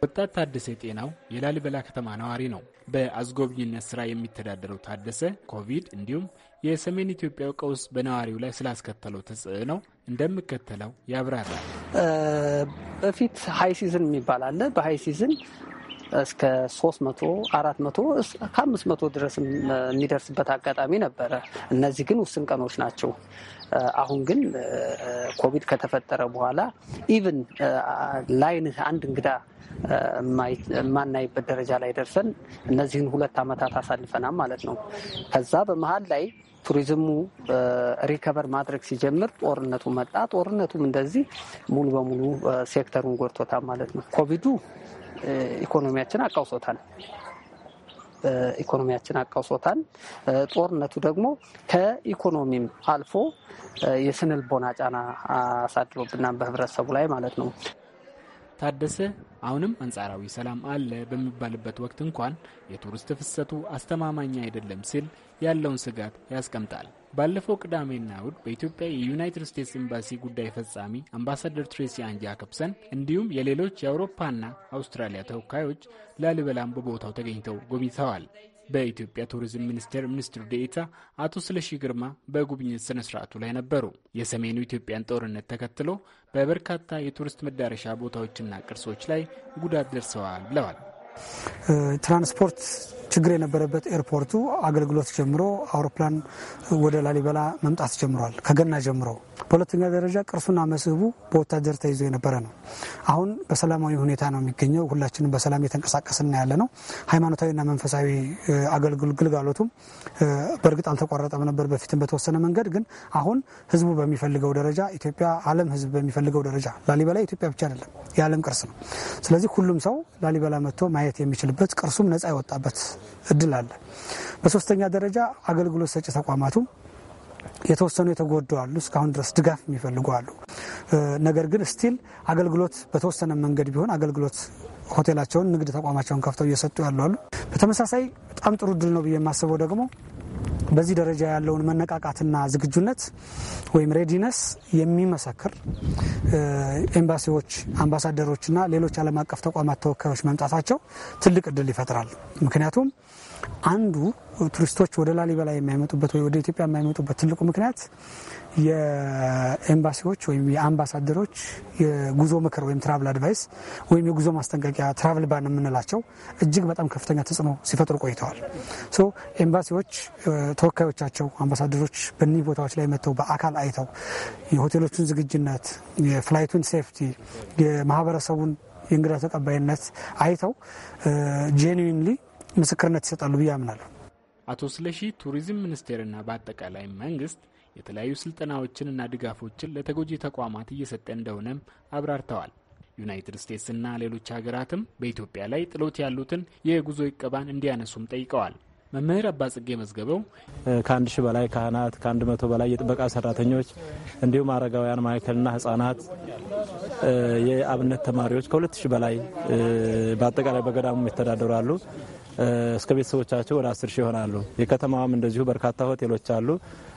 ወጣት ታደሰ ጤናው የላሊበላ ከተማ ነዋሪ ነው። በአስጎብኝነት ስራ የሚተዳደረው ታደሰ ኮቪድ እንዲሁም የሰሜን ኢትዮጵያው ቀውስ በነዋሪው ላይ ስላስከተለው ተጽዕኖ እንደሚከተለው ያብራራል። በፊት ሀይ ሲዝን የሚባል አለ። በሀይ ሲዝን እስከ ሶስት መቶ አራት መቶ መቶ ድረስ የሚደርስበት አጋጣሚ ነበረ። እነዚህ ግን ውስን ቀኖች ናቸው። አሁን ግን ኮቪድ ከተፈጠረ በኋላ ኢቭን ላይን አንድ እንግዳ የማናይበት ደረጃ ላይ ደርሰን እነዚህን ሁለት ዓመታት አሳልፈናል ማለት ነው። ከዛ በመሀል ላይ ቱሪዝሙ ሪከቨር ማድረግ ሲጀምር ጦርነቱ መጣ። ጦርነቱም እንደዚህ ሙሉ በሙሉ ሴክተሩን ጎድቶታል ማለት ነው። ኮቪዱ ኢኮኖሚያችን አቃውሶታል። ኢኮኖሚያችን አቃውሶታል። ጦርነቱ ደግሞ ከኢኮኖሚም አልፎ የስነ ልቦና ጫና አሳድሮብናል በህብረተሰቡ ላይ ማለት ነው። ታደሰ አሁንም አንጻራዊ ሰላም አለ በሚባልበት ወቅት እንኳን የቱሪስት ፍሰቱ አስተማማኝ አይደለም ሲል ያለውን ስጋት ያስቀምጣል። ባለፈው ቅዳሜና እሁድ በኢትዮጵያ የዩናይትድ ስቴትስ ኤምባሲ ጉዳይ ፈጻሚ አምባሳደር ትሬሲ አንጃ ከብሰን እንዲሁም የሌሎች የአውሮፓና አውስትራሊያ ተወካዮች ላሊበላም በቦታው ተገኝተው ጎብኝተዋል። በኢትዮጵያ ቱሪዝም ሚኒስቴር ሚኒስትር ዴኤታ አቶ ስለሺ ግርማ በጉብኝት ስነ ስርዓቱ ላይ ነበሩ። የሰሜኑ ኢትዮጵያን ጦርነት ተከትሎ በበርካታ የቱሪስት መዳረሻ ቦታዎችና ቅርሶች ላይ ጉዳት ደርሰዋል ብለዋል። ትራንስፖርት ችግር የነበረበት ኤርፖርቱ አገልግሎት ጀምሮ አውሮፕላን ወደ ላሊበላ መምጣት ጀምሯል፣ ከገና ጀምሮ። በሁለተኛ ደረጃ ቅርሱና መስህቡ በወታደር ተይዞ የነበረ ነው። አሁን በሰላማዊ ሁኔታ ነው የሚገኘው። ሁላችንም በሰላም የተንቀሳቀስና ያለ ነው። ሃይማኖታዊና መንፈሳዊ ግልጋሎቱም በእርግጥ አልተቋረጠም ነበር በፊትም በተወሰነ መንገድ ግን፣ አሁን ህዝቡ በሚፈልገው ደረጃ ኢትዮጵያ፣ ዓለም ህዝብ በሚፈልገው ደረጃ ላሊበላ ኢትዮጵያ ብቻ አይደለም የዓለም ቅርስ ነው። ስለዚህ ሁሉም ሰው ላሊበላ መጥቶ ማየት ማየት የሚችልበት ቅርሱም ነፃ የወጣበት እድል አለ። በሶስተኛ ደረጃ አገልግሎት ሰጪ ተቋማቱም የተወሰኑ የተጎዱ አሉ። እስካሁን ድረስ ድጋፍ የሚፈልጉ አሉ። ነገር ግን ስቲል አገልግሎት በተወሰነ መንገድ ቢሆን አገልግሎት ሆቴላቸውን፣ ንግድ ተቋማቸውን ከፍተው እየሰጡ ያሉ አሉ። በተመሳሳይ በጣም ጥሩ እድል ነው ብዬ የማስበው ደግሞ በዚህ ደረጃ ያለውን መነቃቃትና ዝግጁነት ወይም ሬዲነስ የሚመሰክር ኤምባሲዎች፣ አምባሳደሮችና ሌሎች ዓለም አቀፍ ተቋማት ተወካዮች መምጣታቸው ትልቅ እድል ይፈጥራል። ምክንያቱም አንዱ ቱሪስቶች ወደ ላሊበላ የማይመጡበት ወይ ወደ ኢትዮጵያ የማይመጡበት ትልቁ ምክንያት የኤምባሲዎች ወይም የአምባሳደሮች የጉዞ ምክር ወይም ትራቭል አድቫይስ ወይም የጉዞ ማስጠንቀቂያ ትራቭል ባን የምንላቸው እጅግ በጣም ከፍተኛ ተጽዕኖ ሲፈጥሩ ቆይተዋል። ሶ ኤምባሲዎች ተወካዮቻቸው አምባሳደሮች በእኒህ ቦታዎች ላይ መጥተው በአካል አይተው የሆቴሎቹን ዝግጅነት፣ የፍላይቱን ሴፍቲ፣ የማህበረሰቡን የእንግዳ ተቀባይነት አይተው ጄኒዊንሊ ምስክርነት ይሰጣሉ ብዬ አምናለሁ። አቶ ስለሺ ቱሪዝም ሚኒስቴርና በአጠቃላይ መንግስት የተለያዩ ስልጠናዎችንና ድጋፎችን ለተጎጂ ተቋማት እየሰጠ እንደሆነም አብራርተዋል። ዩናይትድ ስቴትስና ሌሎች ሀገራትም በኢትዮጵያ ላይ ጥሎት ያሉትን የጉዞ እቀባን እንዲያነሱም ጠይቀዋል። መምህር አባጽጌ መዝገበው ከአንድ ሺህ በላይ ካህናት ከአንድ መቶ በላይ የጥበቃ ሰራተኞች እንዲሁም አረጋውያን ማዕከልና ህጻናት የአብነት ተማሪዎች ከሁለት ሺህ በላይ በአጠቃላይ በገዳሙ ይተዳደራሉ። እስከ ቤተሰቦቻቸው ወደ አስር ሺህ ይሆናሉ። የከተማዋም እንደዚሁ በርካታ ሆቴሎች አሉ።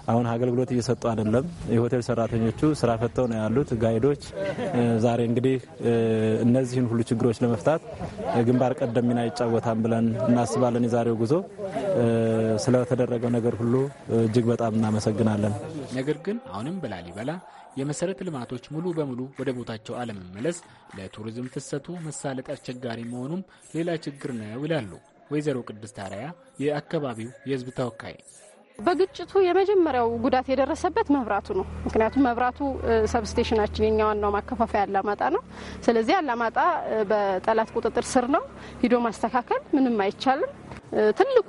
አሁን አገልግሎት እየሰጡ አይደለም። የሆቴል ሰራተኞቹ ስራ ፈተው ነው ያሉት። ጋይዶች ዛሬ እንግዲህ እነዚህን ሁሉ ችግሮች ለመፍታት ግንባር ቀደም ሚና ይጫወታል ብለን እናስባለን። የዛሬው ጉዞ ስለተደረገው ነገር ሁሉ እጅግ በጣም እናመሰግናለን። ነገር ግን አሁንም በላሊበላ የመሰረተ ልማቶች ሙሉ በሙሉ ወደ ቦታቸው አለመመለስ ለቱሪዝም ፍሰቱ መሳለጥ አስቸጋሪ መሆኑም ሌላ ችግር ነው ይላሉ ወይዘሮ ቅድስት ታሪያ የአካባቢው የህዝብ ተወካይ። በግጭቱ የመጀመሪያው ጉዳት የደረሰበት መብራቱ ነው። ምክንያቱም መብራቱ ሰብስቴሽናችን የኛ ዋናው ማከፋፈያ አላማጣ ነው። ስለዚህ አላማጣ በጠላት ቁጥጥር ስር ነው። ሂዶ ማስተካከል ምንም አይቻልም። ትልቁ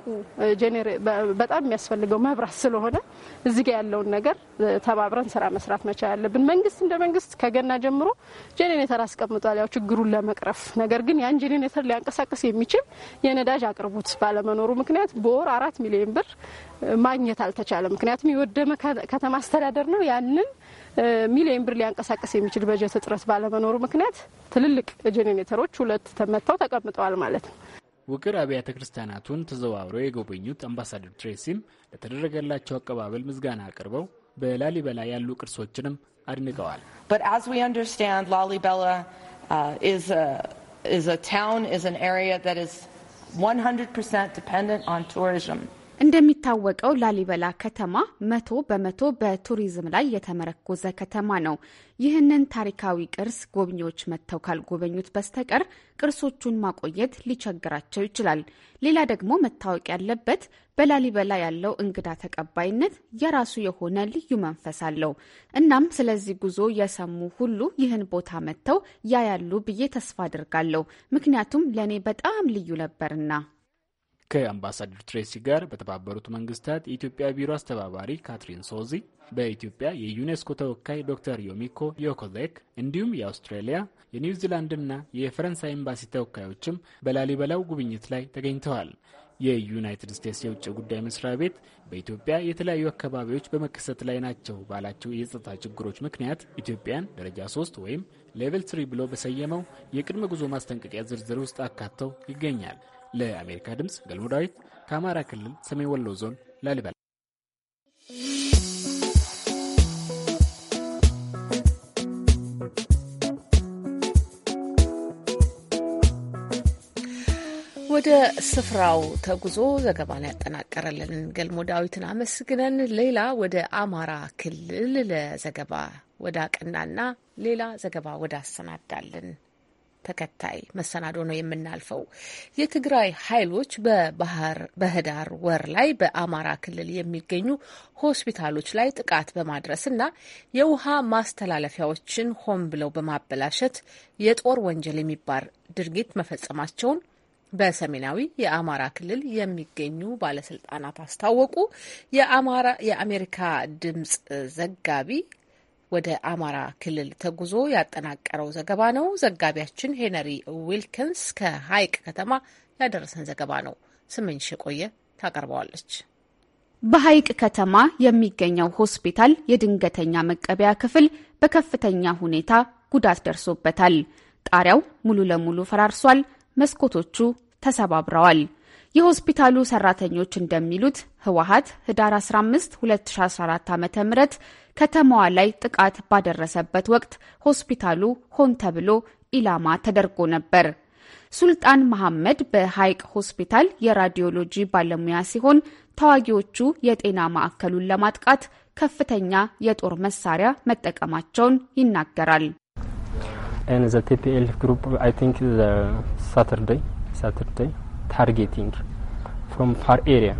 በጣም የሚያስፈልገው መብራት ስለሆነ እዚህ ጋ ያለውን ነገር ተባብረን ስራ መስራት መቻል ያለብን። መንግስት እንደ መንግስት ከገና ጀምሮ ጄኔሬተር አስቀምጧል፣ ያው ችግሩን ለመቅረፍ ነገር ግን ያን ጄኔሬተር ሊያንቀሳቀስ የሚችል የነዳጅ አቅርቦት ባለመኖሩ ምክንያት በወር አራት ሚሊዮን ብር ማግኘት አልተቻለም። ምክንያቱም የወደመ ከተማ አስተዳደር ነው ያንን ሚሊዮን ብር ሊያንቀሳቀስ የሚችል በጀት እጥረት ባለመኖሩ ምክንያት ትልልቅ ጄኔሬተሮች ሁለት ተመተው ተቀምጠዋል ማለት ነው። ውቅር አብያተ ክርስቲያናቱን ተዘዋውረው የጎበኙት አምባሳደር ትሬሲም ለተደረገላቸው አቀባበል ምስጋና አቅርበው በላሊበላ ያሉ ቅርሶችንም አድንቀዋል። ላሊበላ 100% dependent on tourism. እንደሚታወቀው ላሊበላ ከተማ መቶ በመቶ በቱሪዝም ላይ የተመረኮዘ ከተማ ነው። ይህንን ታሪካዊ ቅርስ ጎብኚዎች መጥተው ካልጎበኙት በስተቀር ቅርሶቹን ማቆየት ሊቸግራቸው ይችላል። ሌላ ደግሞ መታወቅ ያለበት በላሊበላ ያለው እንግዳ ተቀባይነት የራሱ የሆነ ልዩ መንፈስ አለው። እናም ስለዚህ ጉዞ የሰሙ ሁሉ ይህን ቦታ መጥተው ያያሉ ብዬ ተስፋ አድርጋለሁ። ምክንያቱም ለእኔ በጣም ልዩ ነበርና ከአምባሳደር ትሬሲ ጋር በተባበሩት መንግስታት የኢትዮጵያ ቢሮ አስተባባሪ ካትሪን ሶዚ፣ በኢትዮጵያ የዩኔስኮ ተወካይ ዶክተር ዮሚኮ ዮኮዜክ እንዲሁም የአውስትሬሊያ የኒውዚላንድና የፈረንሳይ ኤምባሲ ተወካዮችም በላሊበላው ጉብኝት ላይ ተገኝተዋል። የዩናይትድ ስቴትስ የውጭ ጉዳይ መስሪያ ቤት በኢትዮጵያ የተለያዩ አካባቢዎች በመከሰት ላይ ናቸው ባላቸው የጸጥታ ችግሮች ምክንያት ኢትዮጵያን ደረጃ ሶስት ወይም ሌቨል ስሪ ብሎ በሰየመው የቅድመ ጉዞ ማስጠንቀቂያ ዝርዝር ውስጥ አካተው ይገኛል። ለአሜሪካ ድምፅ ገልሞ ዳዊት ከአማራ ክልል ሰሜን ወሎ ዞን ላሊበላ። ወደ ስፍራው ተጉዞ ዘገባን ያጠናቀረልን ገልሞ ዳዊትን አመስግነን ሌላ ወደ አማራ ክልል ለዘገባ ወደ አቅናና ሌላ ዘገባ ወደ አሰናዳልን ተከታይ መሰናዶ ነው የምናልፈው። የትግራይ ኃይሎች በባህር በህዳር ወር ላይ በአማራ ክልል የሚገኙ ሆስፒታሎች ላይ ጥቃት በማድረስና የውሃ ማስተላለፊያዎችን ሆን ብለው በማበላሸት የጦር ወንጀል የሚባል ድርጊት መፈጸማቸውን በሰሜናዊ የአማራ ክልል የሚገኙ ባለስልጣናት አስታወቁ። የአማራ የአሜሪካ ድምጽ ዘጋቢ ወደ አማራ ክልል ተጉዞ ያጠናቀረው ዘገባ ነው። ዘጋቢያችን ሄነሪ ዊልኪንስ ከሀይቅ ከተማ ያደረሰን ዘገባ ነው። ስምንሽ የቆየ ታቀርበዋለች። በሀይቅ ከተማ የሚገኘው ሆስፒታል የድንገተኛ መቀበያ ክፍል በከፍተኛ ሁኔታ ጉዳት ደርሶበታል። ጣሪያው ሙሉ ለሙሉ ፈራርሷል። መስኮቶቹ ተሰባብረዋል። የሆስፒታሉ ሰራተኞች እንደሚሉት ህወሀት ህዳር 15 2014 ዓ ም ከተማዋ ላይ ጥቃት ባደረሰበት ወቅት ሆስፒታሉ ሆን ተብሎ ኢላማ ተደርጎ ነበር። ሱልጣን መሐመድ በሐይቅ ሆስፒታል የራዲዮሎጂ ባለሙያ ሲሆን ተዋጊዎቹ የጤና ማዕከሉን ለማጥቃት ከፍተኛ የጦር መሳሪያ መጠቀማቸውን ይናገራል። ቲፒኤልኤፍ ግሩፕ ሳተርደይ ሳተርደይ ታርጌቲንግ ፍሮም ፋር ኤሪያ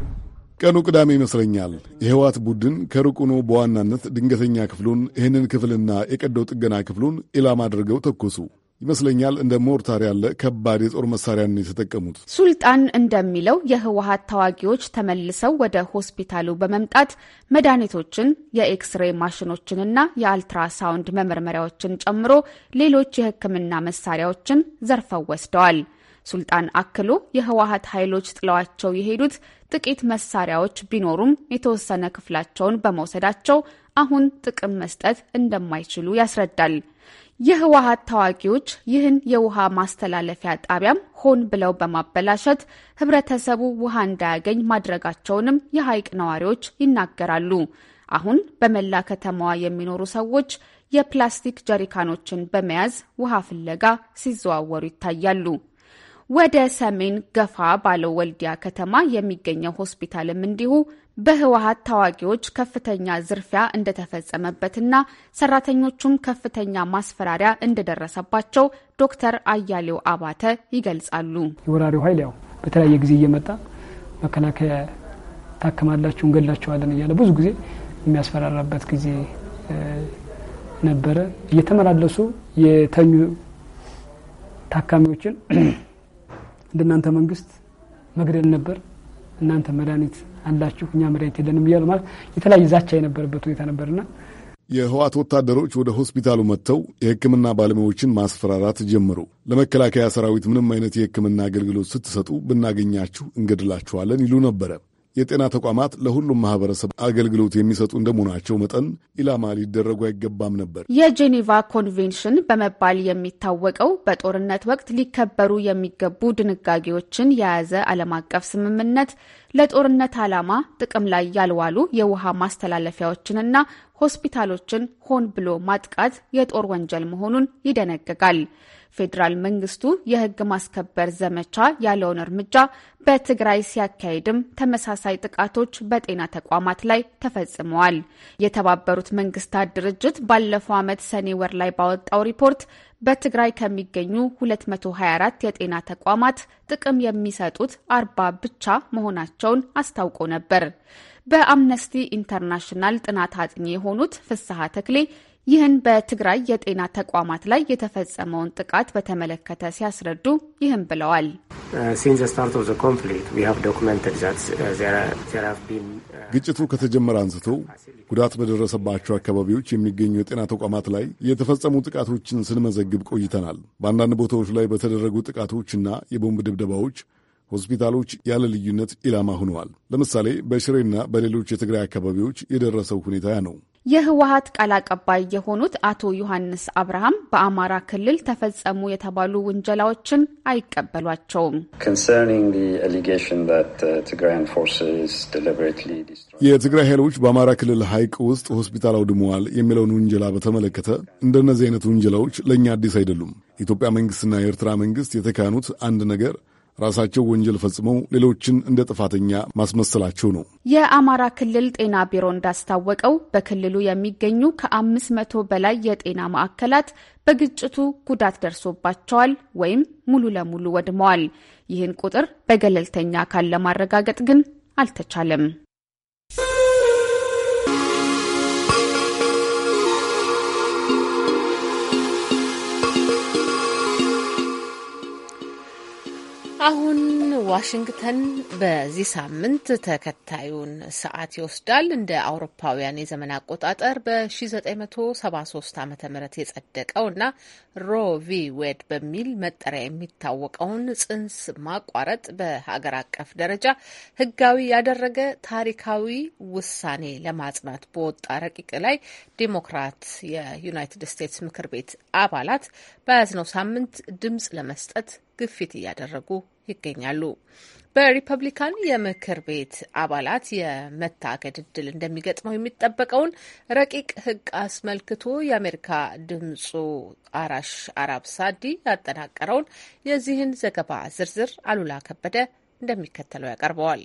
ቀኑ ቅዳሜ ይመስለኛል። የህዋት ቡድን ከሩቅ በዋናነት ድንገተኛ ክፍሉን ይህንን ክፍልና የቀዶ ጥገና ክፍሉን ኢላማ አድርገው ተኮሱ። ይመስለኛል እንደ ሞርታር ያለ ከባድ የጦር መሳሪያን የተጠቀሙት። ሱልጣን እንደሚለው የህወሀት ታዋጊዎች ተመልሰው ወደ ሆስፒታሉ በመምጣት መድኃኒቶችን፣ የኤክስሬ ማሽኖችንና የአልትራሳውንድ መመርመሪያዎችን ጨምሮ ሌሎች የህክምና መሳሪያዎችን ዘርፈው ወስደዋል። ሱልጣን አክሎ የህወሀት ኃይሎች ጥለዋቸው የሄዱት ጥቂት መሳሪያዎች ቢኖሩም የተወሰነ ክፍላቸውን በመውሰዳቸው አሁን ጥቅም መስጠት እንደማይችሉ ያስረዳል። የህወሀት ታዋቂዎች ይህን የውሃ ማስተላለፊያ ጣቢያም ሆን ብለው በማበላሸት ህብረተሰቡ ውሃ እንዳያገኝ ማድረጋቸውንም የሐይቅ ነዋሪዎች ይናገራሉ። አሁን በመላ ከተማዋ የሚኖሩ ሰዎች የፕላስቲክ ጀሪካኖችን በመያዝ ውሃ ፍለጋ ሲዘዋወሩ ይታያሉ። ወደ ሰሜን ገፋ ባለው ወልዲያ ከተማ የሚገኘው ሆስፒታልም እንዲሁ በህወሀት ታዋቂዎች ከፍተኛ ዝርፊያ እንደተፈጸመበትና ሰራተኞቹም ከፍተኛ ማስፈራሪያ እንደደረሰባቸው ዶክተር አያሌው አባተ ይገልጻሉ። የወራሪው ኃይል ያው በተለያየ ጊዜ እየመጣ መከላከያ ታክማላችሁ፣ እንገላችኋለን እያለ ብዙ ጊዜ የሚያስፈራራበት ጊዜ ነበረ። እየተመላለሱ የተኙ ታካሚዎችን እንደናንተ መንግስት መግደል ነበር፣ እናንተ መድኃኒት አላችሁ፣ እኛ መድኃኒት የለንም እያሉ ማለት የተለያየ ዛቻ የነበረበት ሁኔታ ነበርና የህዋት ወታደሮች ወደ ሆስፒታሉ መጥተው የህክምና ባለሙያዎችን ማስፈራራት ጀምሩ። ለመከላከያ ሰራዊት ምንም አይነት የህክምና አገልግሎት ስትሰጡ ብናገኛችሁ እንገድላችኋለን ይሉ ነበረ። የጤና ተቋማት ለሁሉም ማህበረሰብ አገልግሎት የሚሰጡ እንደመሆናቸው መጠን ኢላማ ሊደረጉ አይገባም ነበር። የጄኔቫ ኮንቬንሽን በመባል የሚታወቀው በጦርነት ወቅት ሊከበሩ የሚገቡ ድንጋጌዎችን የያዘ ዓለም አቀፍ ስምምነት ለጦርነት ዓላማ ጥቅም ላይ ያልዋሉ የውሃ ማስተላለፊያዎችንና ሆስፒታሎችን ሆን ብሎ ማጥቃት የጦር ወንጀል መሆኑን ይደነግጋል። ፌዴራል መንግስቱ የህግ ማስከበር ዘመቻ ያለውን እርምጃ በትግራይ ሲያካሂድም ተመሳሳይ ጥቃቶች በጤና ተቋማት ላይ ተፈጽመዋል። የተባበሩት መንግስታት ድርጅት ባለፈው ዓመት ሰኔ ወር ላይ ባወጣው ሪፖርት በትግራይ ከሚገኙ 224 የጤና ተቋማት ጥቅም የሚሰጡት አርባ ብቻ መሆናቸውን አስታውቆ ነበር። በአምነስቲ ኢንተርናሽናል ጥናት አጥኚ የሆኑት ፍስሐ ተክሌ ይህን በትግራይ የጤና ተቋማት ላይ የተፈጸመውን ጥቃት በተመለከተ ሲያስረዱ ይህም ብለዋል። uh, uh, uh, ግጭቱ ከተጀመረ አንስቶ ጉዳት በደረሰባቸው አካባቢዎች የሚገኙ የጤና ተቋማት ላይ የተፈጸሙ ጥቃቶችን ስንመዘግብ ቆይተናል። በአንዳንድ ቦታዎች ላይ በተደረጉ ጥቃቶችና የቦምብ ድብደባዎች ሆስፒታሎች ያለ ልዩነት ኢላማ ሆነዋል። ለምሳሌ በሽሬና በሌሎች የትግራይ አካባቢዎች የደረሰው ሁኔታ ነው። የህወሀት ቃል አቀባይ የሆኑት አቶ ዮሐንስ አብርሃም በአማራ ክልል ተፈጸሙ የተባሉ ውንጀላዎችን አይቀበሏቸውም። uh, የትግራይ ኃይሎች በአማራ ክልል ሐይቅ ውስጥ ሆስፒታል አውድመዋል የሚለውን ውንጀላ በተመለከተ እንደነዚህ አይነት ውንጀላዎች ለእኛ አዲስ አይደሉም። የኢትዮጵያ መንግስትና የኤርትራ መንግስት የተካኑት አንድ ነገር ራሳቸው ወንጀል ፈጽመው ሌሎችን እንደ ጥፋተኛ ማስመሰላቸው ነው። የአማራ ክልል ጤና ቢሮ እንዳስታወቀው በክልሉ የሚገኙ ከአምስት መቶ በላይ የጤና ማዕከላት በግጭቱ ጉዳት ደርሶባቸዋል ወይም ሙሉ ለሙሉ ወድመዋል። ይህን ቁጥር በገለልተኛ አካል ለማረጋገጥ ግን አልተቻለም። አሁን ዋሽንግተን በዚህ ሳምንት ተከታዩን ሰዓት ይወስዳል። እንደ አውሮፓውያን የዘመን አቆጣጠር በ1973 ዓ ም የጸደቀው እና ቪ ዌድ በሚል መጠሪያ የሚታወቀውን ጽንስ ማቋረጥ በሀገር አቀፍ ደረጃ ሕጋዊ ያደረገ ታሪካዊ ውሳኔ ለማጽናት በወጣ ረቂቅ ላይ ዴሞክራት የዩናይትድ ስቴትስ ምክር ቤት አባላት በያዝነው ሳምንት ድምጽ ለመስጠት ግፊት እያደረጉ ይገኛሉ። በሪፐብሊካን የምክር ቤት አባላት የመታገድ እድል እንደሚገጥመው የሚጠበቀውን ረቂቅ ሕግ አስመልክቶ የአሜሪካ ድምፁ አራሽ አራብ ሳዲ ያጠናቀረውን የዚህን ዘገባ ዝርዝር አሉላ ከበደ እንደሚከተለው ያቀርበዋል።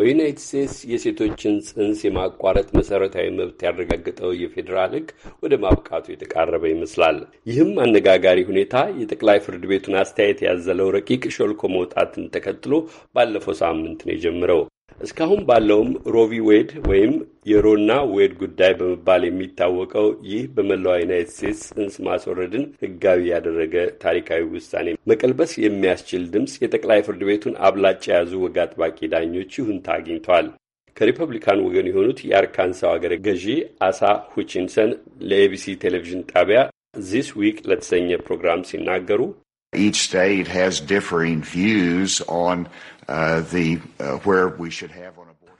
በዩናይትድ ስቴትስ የሴቶችን ጽንስ የማቋረጥ መሠረታዊ መብት ያረጋገጠው የፌዴራል ሕግ ወደ ማብቃቱ የተቃረበ ይመስላል። ይህም አነጋጋሪ ሁኔታ የጠቅላይ ፍርድ ቤቱን አስተያየት ያዘለው ረቂቅ ሾልኮ መውጣትን ተከትሎ ባለፈው ሳምንት ነው የጀምረው። እስካሁን ባለውም ሮቪ ዌድ ወይም የሮና ዌድ ጉዳይ በመባል የሚታወቀው ይህ በመላው ዩናይት ስቴትስ ጽንስ ማስወረድን ሕጋዊ ያደረገ ታሪካዊ ውሳኔ መቀልበስ የሚያስችል ድምፅ የጠቅላይ ፍርድ ቤቱን አብላጭ የያዙ ወግ አጥባቂ ዳኞች ይሁንታ አግኝተዋል። ከሪፐብሊካን ወገን የሆኑት የአርካንሳው አገረ ገዢ አሳ ሁቺንሰን ለኤቢሲ ቴሌቪዥን ጣቢያ ዚስ ዊክ ለተሰኘ ፕሮግራም ሲናገሩ each state has differing views on uh, the uh, where we should have on abortion.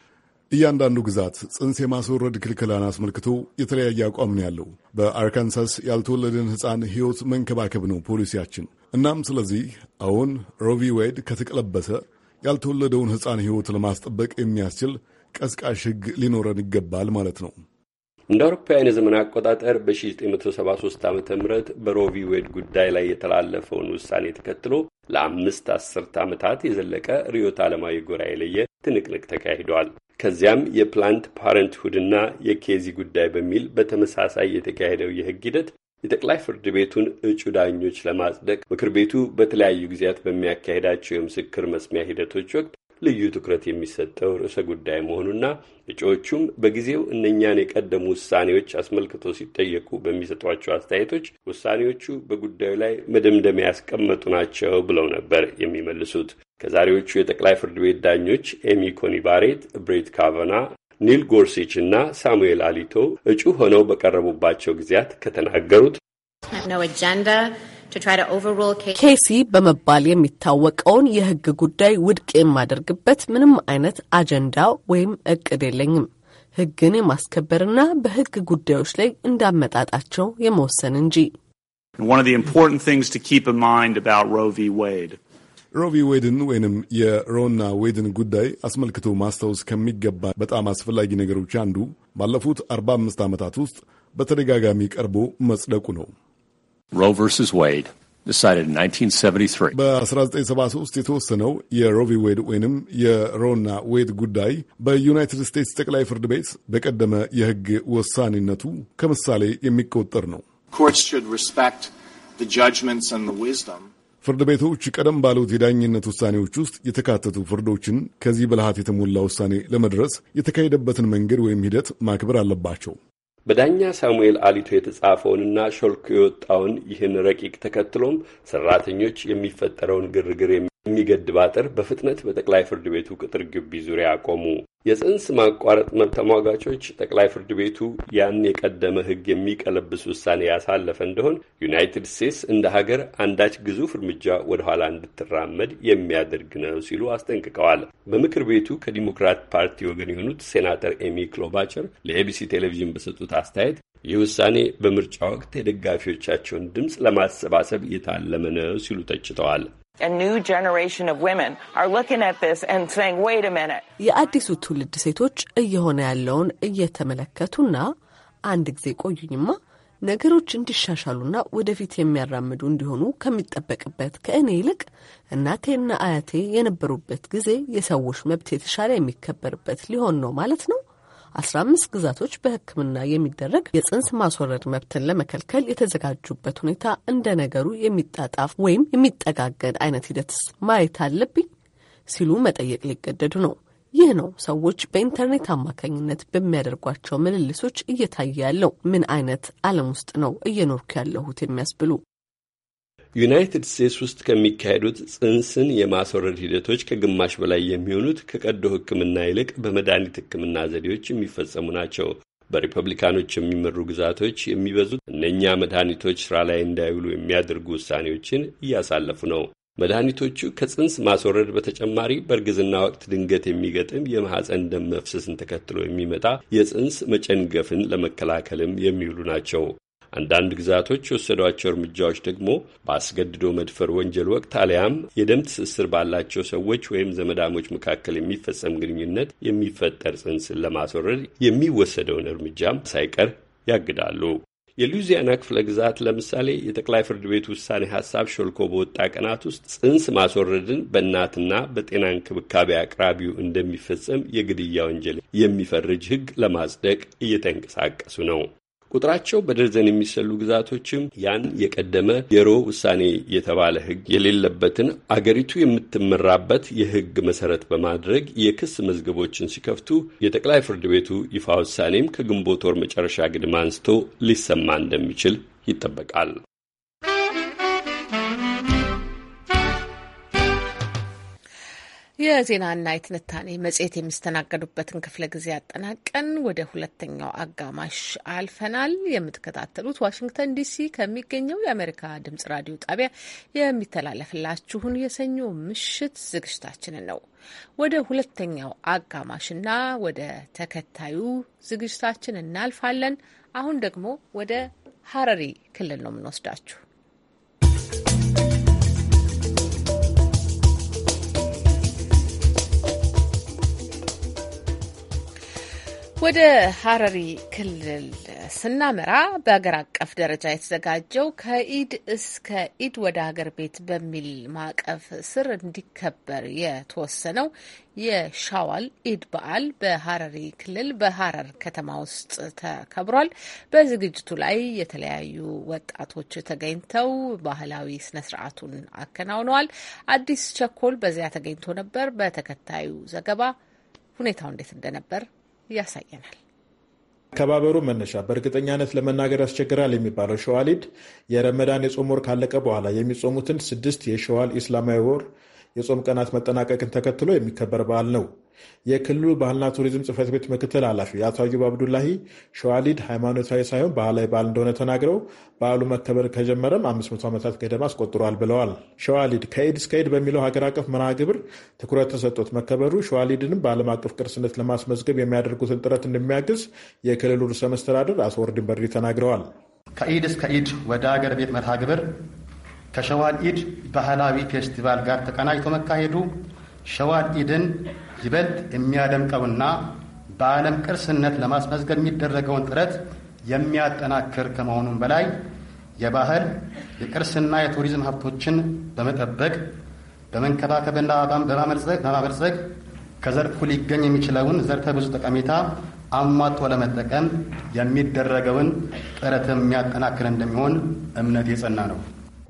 እያንዳንዱ ግዛት ጽንስ የማስወረድ ክልክላን አስመልክቶ የተለያየ አቋም ነው ያለው። በአርካንሳስ ያልተወለደን ሕፃን ሕይወት መንከባከብ ነው ፖሊሲያችን። እናም ስለዚህ አሁን ሮቪ ዌድ ከተቀለበሰ ያልተወለደውን ሕፃን ሕይወት ለማስጠበቅ የሚያስችል ቀስቃሽ ሕግ ሊኖረን ይገባል ማለት ነው። እንደ አውሮፓውያን የዘመን አቆጣጠር በ1973 ዓ ም በሮቪ ዌድ ጉዳይ ላይ የተላለፈውን ውሳኔ ተከትሎ ለአምስት አስርት ዓመታት የዘለቀ ርዕዮተ ዓለማዊ ጎራ የለየ ትንቅንቅ ተካሂዷል። ከዚያም የፕላንት ፓረንትሁድና የኬዚ ጉዳይ በሚል በተመሳሳይ የተካሄደው የህግ ሂደት የጠቅላይ ፍርድ ቤቱን እጩ ዳኞች ለማጽደቅ ምክር ቤቱ በተለያዩ ጊዜያት በሚያካሄዳቸው የምስክር መስሚያ ሂደቶች ወቅት ልዩ ትኩረት የሚሰጠው ርዕሰ ጉዳይ መሆኑና እጩዎቹም በጊዜው እነኛን የቀደሙ ውሳኔዎች አስመልክቶ ሲጠየቁ በሚሰጧቸው አስተያየቶች ውሳኔዎቹ በጉዳዩ ላይ መደምደሚያ ያስቀመጡ ናቸው ብለው ነበር የሚመልሱት። ከዛሬዎቹ የጠቅላይ ፍርድ ቤት ዳኞች ኤሚ ኮኒ ባሬት፣ ብሬት ካቨና፣ ኒል ጎርሲች እና ሳሙኤል አሊቶ እጩ ሆነው በቀረቡባቸው ጊዜያት ከተናገሩት ኬሲ በመባል የሚታወቀውን የህግ ጉዳይ ውድቅ የማደርግበት ምንም አይነት አጀንዳ ወይም እቅድ የለኝም። ህግን የማስከበርና በህግ ጉዳዮች ላይ እንዳመጣጣቸው የመወሰን እንጂ። ሮቪ ዌድን ወይንም የሮና ዌድን ጉዳይ አስመልክቶ ማስታወስ ከሚገባ በጣም አስፈላጊ ነገሮች አንዱ ባለፉት 45 ዓመታት ውስጥ በተደጋጋሚ ቀርቦ መጽደቁ ነው። ሮ ቨርሰስ ዌይድ በ1973 የተወሰነው የሮቪ ዌድ ወይንም የሮና ዌድ ጉዳይ በዩናይትድ ስቴትስ ጠቅላይ ፍርድ ቤት በቀደመ የሕግ ወሳኔነቱ ከምሳሌ የሚቆጠር ነው። ፍርድ ቤቶች ቀደም ባሉት የዳኝነት ውሳኔዎች ውስጥ የተካተቱ ፍርዶችን ከዚህ ብልሃት የተሞላ ውሳኔ ለመድረስ የተካሄደበትን መንገድ ወይም ሂደት ማክበር አለባቸው። በዳኛ ሳሙኤል አሊቶ የተጻፈውንና ሾልኮ የወጣውን ይህን ረቂቅ ተከትሎም ሰራተኞች የሚፈጠረውን ግርግር የሚገድብ አጥር በፍጥነት በጠቅላይ ፍርድ ቤቱ ቅጥር ግቢ ዙሪያ ቆሙ። የጽንስ ማቋረጥ መብት ተሟጋቾች ጠቅላይ ፍርድ ቤቱ ያን የቀደመ ሕግ የሚቀለብስ ውሳኔ ያሳለፈ እንደሆን ዩናይትድ ስቴትስ እንደ ሀገር አንዳች ግዙፍ እርምጃ ወደ ኋላ እንድትራመድ የሚያደርግ ነው ሲሉ አስጠንቅቀዋል። በምክር ቤቱ ከዲሞክራት ፓርቲ ወገን የሆኑት ሴናተር ኤሚ ክሎባቸር ለኤቢሲ ቴሌቪዥን በሰጡት አስተያየት ይህ ውሳኔ በምርጫ ወቅት የደጋፊዎቻቸውን ድምፅ ለማሰባሰብ የታለመ ነው ሲሉ ተችተዋል። የአዲሱ ትውልድ ሴቶች እየሆነ ያለውን እየተመለከቱና አንድ ጊዜ ቆዩኝማ ነገሮች እንዲሻሻሉና ወደፊት የሚያራምዱ እንዲሆኑ ከሚጠበቅበት ከእኔ ይልቅ እናቴና አያቴ የነበሩበት ጊዜ የሰዎች መብት የተሻለ የሚከበርበት ሊሆን ነው ማለት ነው አስራ አምስት ግዛቶች በሕክምና የሚደረግ የጽንስ ማስወረድ መብትን ለመከልከል የተዘጋጁበት ሁኔታ እንደ ነገሩ የሚጣጣፍ ወይም የሚጠጋገድ አይነት ሂደትስ ማየት አለብኝ ሲሉ መጠየቅ ሊገደዱ ነው። ይህ ነው ሰዎች በኢንተርኔት አማካኝነት በሚያደርጓቸው ምልልሶች እየታየ ያለው ምን አይነት ዓለም ውስጥ ነው እየኖርኩ ያለሁት የሚያስብሉ ዩናይትድ ስቴትስ ውስጥ ከሚካሄዱት ጽንስን የማስወረድ ሂደቶች ከግማሽ በላይ የሚሆኑት ከቀዶ ሕክምና ይልቅ በመድኃኒት ሕክምና ዘዴዎች የሚፈጸሙ ናቸው። በሪፐብሊካኖች የሚመሩ ግዛቶች የሚበዙት እነኛ መድኃኒቶች ሥራ ላይ እንዳይውሉ የሚያደርጉ ውሳኔዎችን እያሳለፉ ነው። መድኃኒቶቹ ከጽንስ ማስወረድ በተጨማሪ በእርግዝና ወቅት ድንገት የሚገጥም የማህፀን ደም መፍሰስን ተከትሎ የሚመጣ የጽንስ መጨንገፍን ለመከላከልም የሚውሉ ናቸው። አንዳንድ ግዛቶች የወሰዷቸው እርምጃዎች ደግሞ በአስገድዶ መድፈር ወንጀል ወቅት አሊያም የደም ትስስር ባላቸው ሰዎች ወይም ዘመዳሞች መካከል የሚፈጸም ግንኙነት የሚፈጠር ጽንስን ለማስወረድ የሚወሰደውን እርምጃም ሳይቀር ያግዳሉ። የሉዚያና ክፍለ ግዛት ለምሳሌ የጠቅላይ ፍርድ ቤት ውሳኔ ሀሳብ ሾልኮ በወጣ ቀናት ውስጥ ጽንስ ማስወረድን በእናትና በጤና እንክብካቤ አቅራቢው እንደሚፈጸም የግድያ ወንጀል የሚፈርጅ ሕግ ለማጽደቅ እየተንቀሳቀሱ ነው። ቁጥራቸው በደርዘን የሚሰሉ ግዛቶችም ያን የቀደመ የሮ ውሳኔ የተባለ ህግ የሌለበትን አገሪቱ የምትመራበት የህግ መሰረት በማድረግ የክስ መዝገቦችን ሲከፍቱ የጠቅላይ ፍርድ ቤቱ ይፋ ውሳኔም ከግንቦት ወር መጨረሻ ግድም አንስቶ ሊሰማ እንደሚችል ይጠበቃል። የዜናና የትንታኔ መጽሔት የሚስተናገዱበትን ክፍለ ጊዜ አጠናቀን ወደ ሁለተኛው አጋማሽ አልፈናል። የምትከታተሉት ዋሽንግተን ዲሲ ከሚገኘው የአሜሪካ ድምጽ ራዲዮ ጣቢያ የሚተላለፍላችሁን የሰኞ ምሽት ዝግጅታችንን ነው። ወደ ሁለተኛው አጋማሽና ወደ ተከታዩ ዝግጅታችን እናልፋለን። አሁን ደግሞ ወደ ሀረሪ ክልል ነው የምንወስዳችሁ። ወደ ሀረሪ ክልል ስናመራ በሀገር አቀፍ ደረጃ የተዘጋጀው ከኢድ እስከ ኢድ ወደ ሀገር ቤት በሚል ማዕቀፍ ስር እንዲከበር የተወሰነው የሻዋል ኢድ በዓል በሀረሪ ክልል በሀረር ከተማ ውስጥ ተከብሯል። በዝግጅቱ ላይ የተለያዩ ወጣቶች ተገኝተው ባህላዊ ስነስርዓቱን አከናውነዋል። አዲስ ቸኮል በዚያ ተገኝቶ ነበር። በተከታዩ ዘገባ ሁኔታው እንዴት እንደነበር ያሳየናል። አከባበሩ መነሻ በእርግጠኛነት ለመናገር ያስቸግራል የሚባለው ሸዋሊድ የረመዳን የጾም ወር ካለቀ በኋላ የሚጾሙትን ስድስት የሸዋል ኢስላማዊ ወር የጾም ቀናት መጠናቀቅን ተከትሎ የሚከበር በዓል ነው። የክልሉ ባህልና ቱሪዝም ጽህፈት ቤት ምክትል ኃላፊ አቶ አዩብ አብዱላሂ ሸዋሊድ ሃይማኖታዊ ሳይሆን ባህላዊ በዓል እንደሆነ ተናግረው በዓሉ መከበር ከጀመረም 500 ዓመታት ገደማ አስቆጥሯል ብለዋል። ሸዋሊድ ከኢድ እስከ ኢድ በሚለው ሀገር አቀፍ መርሃ ግብር ትኩረት ተሰጥቶት መከበሩ ሸዋሊድንም በዓለም አቀፍ ቅርስነት ለማስመዝገብ የሚያደርጉትን ጥረት እንደሚያግዝ የክልሉ ርዕሰ መስተዳድር አቶ ወርድን በድሪ ተናግረዋል። ከኢድ እስከ ኢድ ወደ ሀገር ቤት መርሃ ግብር ከሸዋል ኢድ ባህላዊ ፌስቲቫል ጋር ተቀናጅቶ መካሄዱ ሸዋል ኢድን ይበልጥ የሚያደምቀውና በዓለም ቅርስነት ለማስመዝገብ የሚደረገውን ጥረት የሚያጠናክር ከመሆኑም በላይ የባህል የቅርስና የቱሪዝም ሀብቶችን በመጠበቅ በመንከባከብና በማበልጸግ ከዘርፉ ሊገኝ የሚችለውን ዘርፈ ብዙ ጠቀሜታ አሟጦ ለመጠቀም የሚደረገውን ጥረት የሚያጠናክር እንደሚሆን እምነት የጸና ነው።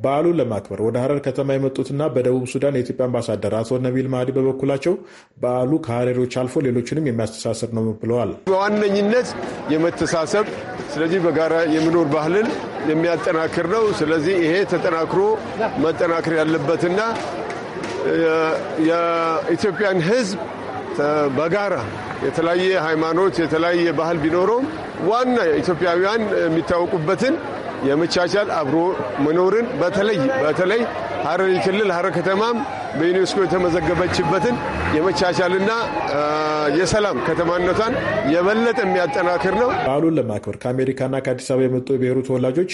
በዓሉን ለማክበር ወደ ሀረር ከተማ የመጡትና በደቡብ ሱዳን የኢትዮጵያ አምባሳደር አቶ ነቢል ማህዲ በበኩላቸው በዓሉ ከሀረሪዎች አልፎ ሌሎችንም የሚያስተሳሰብ ነው ብለዋል። በዋነኝነት የመተሳሰብ ስለዚህ በጋራ የምኖር ባህልን የሚያጠናክር ነው። ስለዚህ ይሄ ተጠናክሮ መጠናክር ያለበትና የኢትዮጵያን ሕዝብ በጋራ የተለያየ ሃይማኖት የተለያየ ባህል ቢኖረውም ዋና ኢትዮጵያውያን የሚታወቁበትን የመቻቻል አብሮ መኖርን በተለይ በተለይ ሀረሪ ክልል ሀረር ከተማም በዩኔስኮ የተመዘገበችበትን የመቻቻልና የሰላም ከተማነቷን የበለጠ የሚያጠናክር ነው። በዓሉን ለማክበር ከአሜሪካና ከአዲስ አበባ የመጡ የብሔሩ ተወላጆች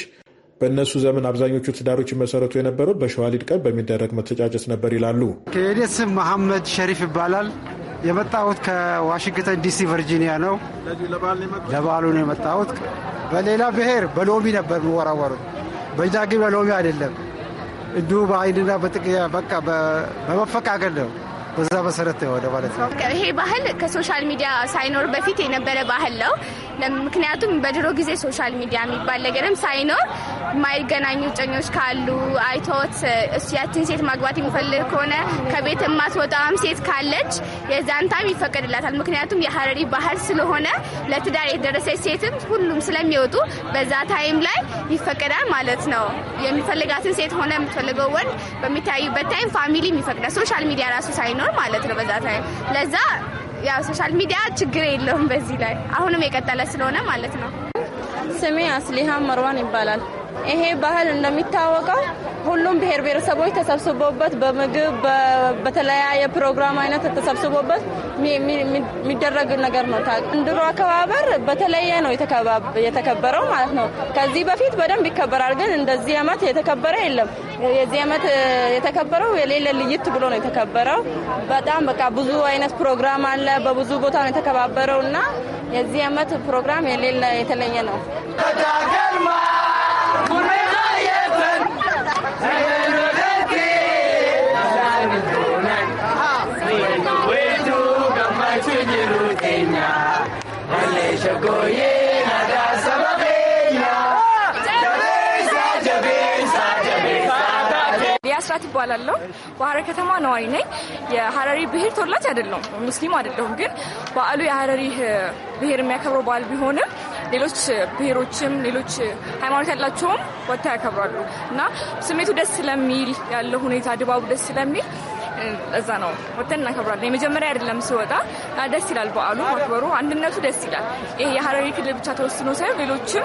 በእነሱ ዘመን አብዛኞቹ ትዳሮች መሰረቱ የነበሩት በሸዋሊድ ቀን በሚደረግ መተጫጨት ነበር ይላሉ። ከኤዴስ መሐመድ ሸሪፍ ይባላል። የመጣሁት ከዋሽንግተን ዲሲ ቨርጂኒያ ነው። ለበዓሉ ነው የመጣሁት። በሌላ ብሔር በሎሚ ነበር የምወራወሩት፣ በእኛ ግን በሎሚ አይደለም። እንዲሁ በአይንና በጥቅያ በቃ በመፈቃቀል ነው በዛ መሰረት ወደ ማለት ነው። ይሄ ባህል ከሶሻል ሚዲያ ሳይኖር በፊት የነበረ ባህል ነው። ምክንያቱም በድሮ ጊዜ ሶሻል ሚዲያ የሚባል ነገርም ሳይኖር የማይገናኙ እጮኞች ካሉ አይቶት ያችን ሴት ማግባት የሚፈልግ ከሆነ ከቤት የማትወጣም ሴት ካለች የዛን ታይም ይፈቀድላታል። ምክንያቱም የሀረሪ ባህል ስለሆነ ለትዳር የደረሰች ሴትም ሁሉም ስለሚወጡ በዛ ታይም ላይ ይፈቀዳል ማለት ነው። የሚፈልጋትን ሴት ሆነ የምትፈልገው ወንድ በሚታዩበት ታይም ፋሚሊ ይፈቅዳል። ሶሻል ሚዲያ ራሱ ሳይኖር ስለሚኖር ማለት ነው በዛ ታይም ለዛ ያው ሶሻል ሚዲያ ችግር የለውም በዚህ ላይ አሁንም የቀጠለ ስለሆነ ማለት ነው። ስሜ አስሊሃ መርዋን ይባላል። ይሄ ባህል እንደሚታወቀው ሁሉም ብሔር ብሔረሰቦች ተሰብስቦበት በምግብ በተለያየ ፕሮግራም አይነት ተሰብስቦበት የሚደረግ ነገር ነው። እንድሮ አከባበር በተለየ ነው የተከበረው ማለት ነው። ከዚህ በፊት በደንብ ይከበራል፣ ግን እንደዚህ አመት የተከበረ የለም። የዚህ አመት የተከበረው የሌለ ልይት ብሎ ነው የተከበረው። በጣም በቃ ብዙ አይነት ፕሮግራም አለ። በብዙ ቦታ ነው የተከባበረው እና የዚህ አመት ፕሮግራም የሌለ የተለየ ነው። ስራት ይባላለሁ። በሀረር ከተማ ነዋሪ ነኝ። የሀረሪ ብሄር ተወላጅ አይደለሁም፣ ሙስሊም አይደለሁም። ግን በዓሉ የሀረሪ ብሄር የሚያከብረው በዓል ቢሆንም ሌሎች ብሔሮችም ሌሎች ሃይማኖት ያላቸውም ወታ ያከብራሉ እና ስሜቱ ደስ ስለሚል ያለ ሁኔታ ድባቡ ደስ ስለሚል እዛ ነው ወተን እናከብራለን። የመጀመሪያ አይደለም ስወጣ ደስ ይላል። በዓሉ ማክበሩ አንድነቱ ደስ ይላል። ይሄ የሀረሪ ክልል ብቻ ተወስኖ ሳይሆን ሌሎችም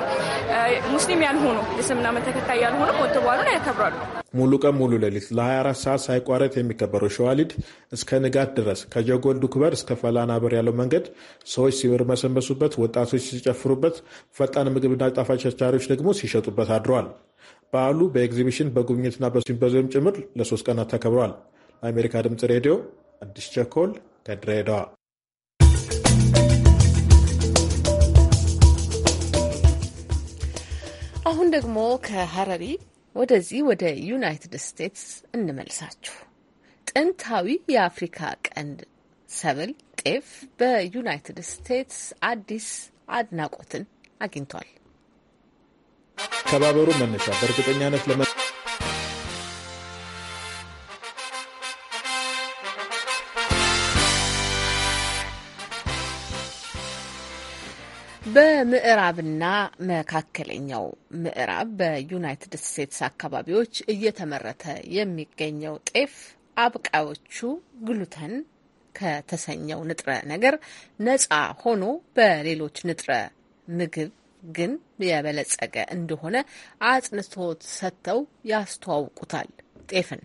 ሙስሊም ያልሆኑ የእስልምና እምነት ተከታይ ያልሆኑ ወጥተው በዓሉን ያከብራሉ። ሙሉ ቀን ሙሉ ሌሊት ለ24 ሰዓት ሳይቋረጥ የሚከበረው ሸዋሊድ እስከ ንጋት ድረስ ከጀጎልዱ ክበር እስከ ፈላና በር ያለው መንገድ ሰዎች ሲርመሰመሱበት፣ ወጣቶች ሲጨፍሩበት፣ ፈጣን ምግብና ጣፋጭ ቸርቻሪዎች ደግሞ ሲሸጡበት አድረዋል። በዓሉ በኤግዚቢሽን በጉብኝትና በሲምፖዚየም ጭምር ለሶስት ቀናት ተከብረዋል። ለአሜሪካ ድምፅ ሬዲዮ አዲስ ቸኮል ከድሬዳዋ። አሁን ደግሞ ከሀረሪ ወደዚህ ወደ ዩናይትድ ስቴትስ እንመልሳችሁ። ጥንታዊ የአፍሪካ ቀንድ ሰብል ጤፍ በዩናይትድ ስቴትስ አዲስ አድናቆትን አግኝቷል። ከባበሩ መነሻ በእርግጠኛነት በምዕራብና መካከለኛው ምዕራብ በዩናይትድ ስቴትስ አካባቢዎች እየተመረተ የሚገኘው ጤፍ አብቃዮቹ ግሉተን ከተሰኘው ንጥረ ነገር ነጻ ሆኖ በሌሎች ንጥረ ምግብ ግን የበለጸገ እንደሆነ አጽንቶት ሰጥተው ያስተዋውቁታል። ጤፍን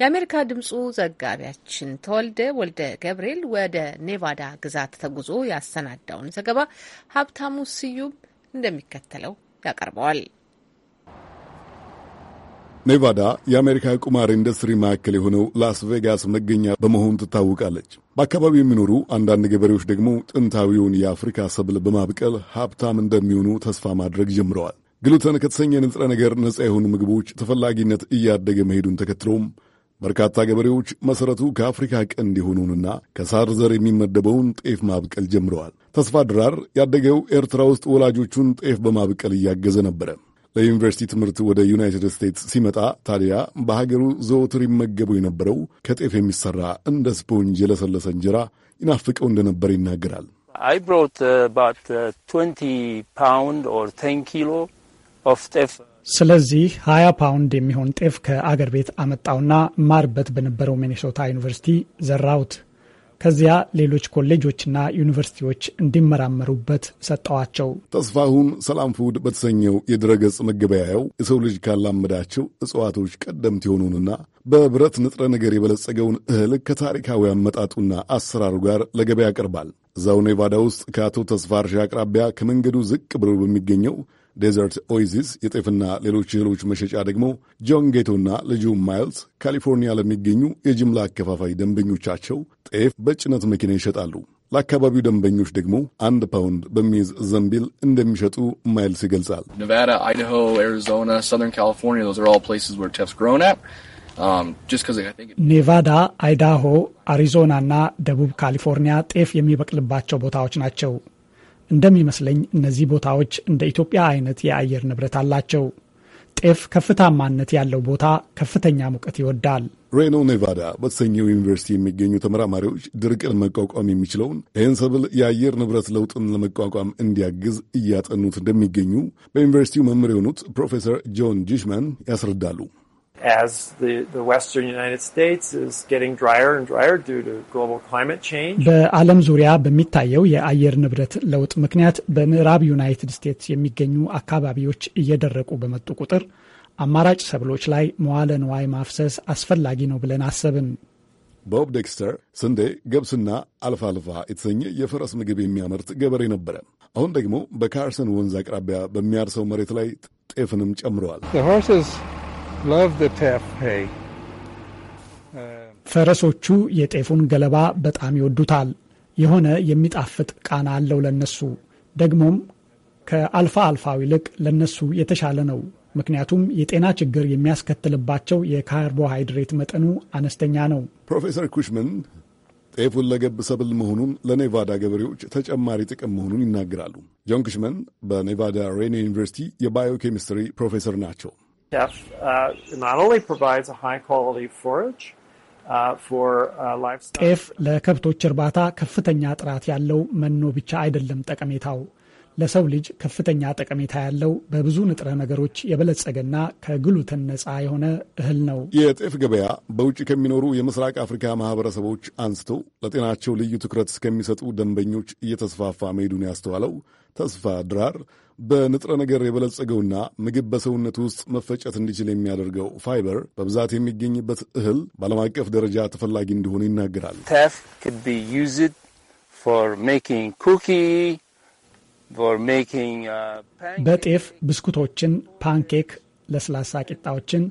የአሜሪካ ድምጹ ዘጋቢያችን ተወልደ ወልደ ገብርኤል ወደ ኔቫዳ ግዛት ተጉዞ ያሰናዳውን ዘገባ ሀብታሙ ስዩም እንደሚከተለው ያቀርበዋል። ኔቫዳ የአሜሪካ ቁማር ኢንዱስትሪ ማዕከል የሆነው ላስ ቬጋስ መገኛ በመሆን ትታወቃለች። በአካባቢው የሚኖሩ አንዳንድ ገበሬዎች ደግሞ ጥንታዊውን የአፍሪካ ሰብል በማብቀል ሀብታም እንደሚሆኑ ተስፋ ማድረግ ጀምረዋል። ግሉተን ከተሰኘ ንጥረ ነገር ነጻ የሆኑ ምግቦች ተፈላጊነት እያደገ መሄዱን ተከትሎም በርካታ ገበሬዎች መሠረቱ ከአፍሪካ ቀንድ የሆነውንና ከሳር ዘር የሚመደበውን ጤፍ ማብቀል ጀምረዋል። ተስፋ ድራር ያደገው ኤርትራ ውስጥ ወላጆቹን ጤፍ በማብቀል እያገዘ ነበረ። ለዩኒቨርሲቲ ትምህርት ወደ ዩናይትድ ስቴትስ ሲመጣ ታዲያ በሀገሩ ዘወትር ይመገበው የነበረው ከጤፍ የሚሰራ እንደ ስፖንጅ የለሰለሰ እንጀራ ይናፍቀው እንደነበር ይናገራል። I uh, uh, ስለዚህ 20 ፓውንድ የሚሆን ጤፍ ከአገር ቤት አመጣውና ማርበት በነበረው ሚኔሶታ ዩኒቨርሲቲ ዘራውት። ከዚያ ሌሎች ኮሌጆችና ዩኒቨርሲቲዎች እንዲመራመሩበት ሰጠዋቸው። ተስፋሁን ሰላም ፉድ በተሰኘው የድረገጽ መገበያያው የሰው ልጅ ካላመዳቸው እጽዋቶች ቀደምት የሆኑንና በብረት ንጥረ ነገር የበለጸገውን እህል ከታሪካዊ አመጣጡና አሰራሩ ጋር ለገበያ ያቀርባል። እዛው ኔቫዳ ውስጥ ከአቶ ተስፋ እርሻ አቅራቢያ ከመንገዱ ዝቅ ብሎ በሚገኘው ዴዘርት ኦይዚስ የጤፍና ሌሎች እህሎች መሸጫ ደግሞ ጆን ጌቶና ልጁ ማይልስ ካሊፎርኒያ ለሚገኙ የጅምላ አከፋፋይ ደንበኞቻቸው ጤፍ በጭነት መኪና ይሸጣሉ። ለአካባቢው ደንበኞች ደግሞ አንድ ፓውንድ በሚይዝ ዘንቢል እንደሚሸጡ ማይልስ ይገልጻል። ኔቫዳ፣ አይዳሆ፣ አሪዞና um, እና ደቡብ ካሊፎርኒያ ጤፍ የሚበቅልባቸው ቦታዎች ናቸው። እንደሚመስለኝ እነዚህ ቦታዎች እንደ ኢትዮጵያ አይነት የአየር ንብረት አላቸው። ጤፍ ከፍታማነት ያለው ቦታ ከፍተኛ ሙቀት ይወዳል። ሬኖ ኔቫዳ በተሰኘው ዩኒቨርሲቲ የሚገኙ ተመራማሪዎች ድርቅን መቋቋም የሚችለውን ይህን ሰብል የአየር ንብረት ለውጥን ለመቋቋም እንዲያግዝ እያጠኑት እንደሚገኙ በዩኒቨርሲቲው መምህር የሆኑት ፕሮፌሰር ጆን ጂሽመን ያስረዳሉ። በዓለም ዙሪያ በሚታየው የአየር ንብረት ለውጥ ምክንያት በምዕራብ ዩናይትድ ስቴትስ የሚገኙ አካባቢዎች እየደረቁ በመጡ ቁጥር አማራጭ ሰብሎች ላይ መዋለ ንዋይ ማፍሰስ አስፈላጊ ነው ብለን አሰብን። ቦብ ዴክስተር ስንዴ፣ ገብስና አልፋልፋ የተሰኘ የፈረስ ምግብ የሚያመርት ገበሬ ነበረ። አሁን ደግሞ በካርሰን ወንዝ አቅራቢያ በሚያርሰው መሬት ላይ ጤፍንም ጨምረዋል። E ፈረሶቹ የጤፉን ገለባ በጣም ይወዱታል። የሆነ የሚጣፍጥ ቃና አለው ለነሱ። ደግሞም ከአልፋ አልፋው ይልቅ ለነሱ የተሻለ ነው። ምክንያቱም የጤና ችግር የሚያስከትልባቸው የካርቦሃይድሬት መጠኑ አነስተኛ ነው። ፕሮፌሰር ኩሽመን ጤፉን ለገብ ሰብል መሆኑን ለኔቫዳ ገበሬዎች ተጨማሪ ጥቅም መሆኑን ይናገራሉ። ጆን ኩሽመን በኔቫዳ ሬኒ ዩኒቨርሲቲ የባዮኬሚስትሪ ፕሮፌሰር ናቸው። Chef uh, not only provides a high quality forage ጤፍ ለከብቶች እርባታ ከፍተኛ ጥራት ያለው መኖ ብቻ አይደለም ጠቀሜታው ለሰው ልጅ ከፍተኛ ጠቀሜታ ያለው በብዙ ንጥረ ነገሮች የበለጸገና ከግሉተን ነፃ የሆነ እህል ነው። የጤፍ ገበያ በውጭ ከሚኖሩ የምስራቅ አፍሪካ ማህበረሰቦች አንስቶ ለጤናቸው ልዩ ትኩረት እስከሚሰጡ ደንበኞች እየተስፋፋ መሄዱን ያስተዋለው ተስፋ ድራር በንጥረ ነገር የበለጸገውና ምግብ በሰውነት ውስጥ መፈጨት እንዲችል የሚያደርገው ፋይበር በብዛት የሚገኝበት እህል በዓለም አቀፍ ደረጃ ተፈላጊ እንደሆነ ይናገራል። Uh, በጤፍ ብስኩቶችን፣ ፓንኬክ፣ ለስላሳ ቂጣዎችን፣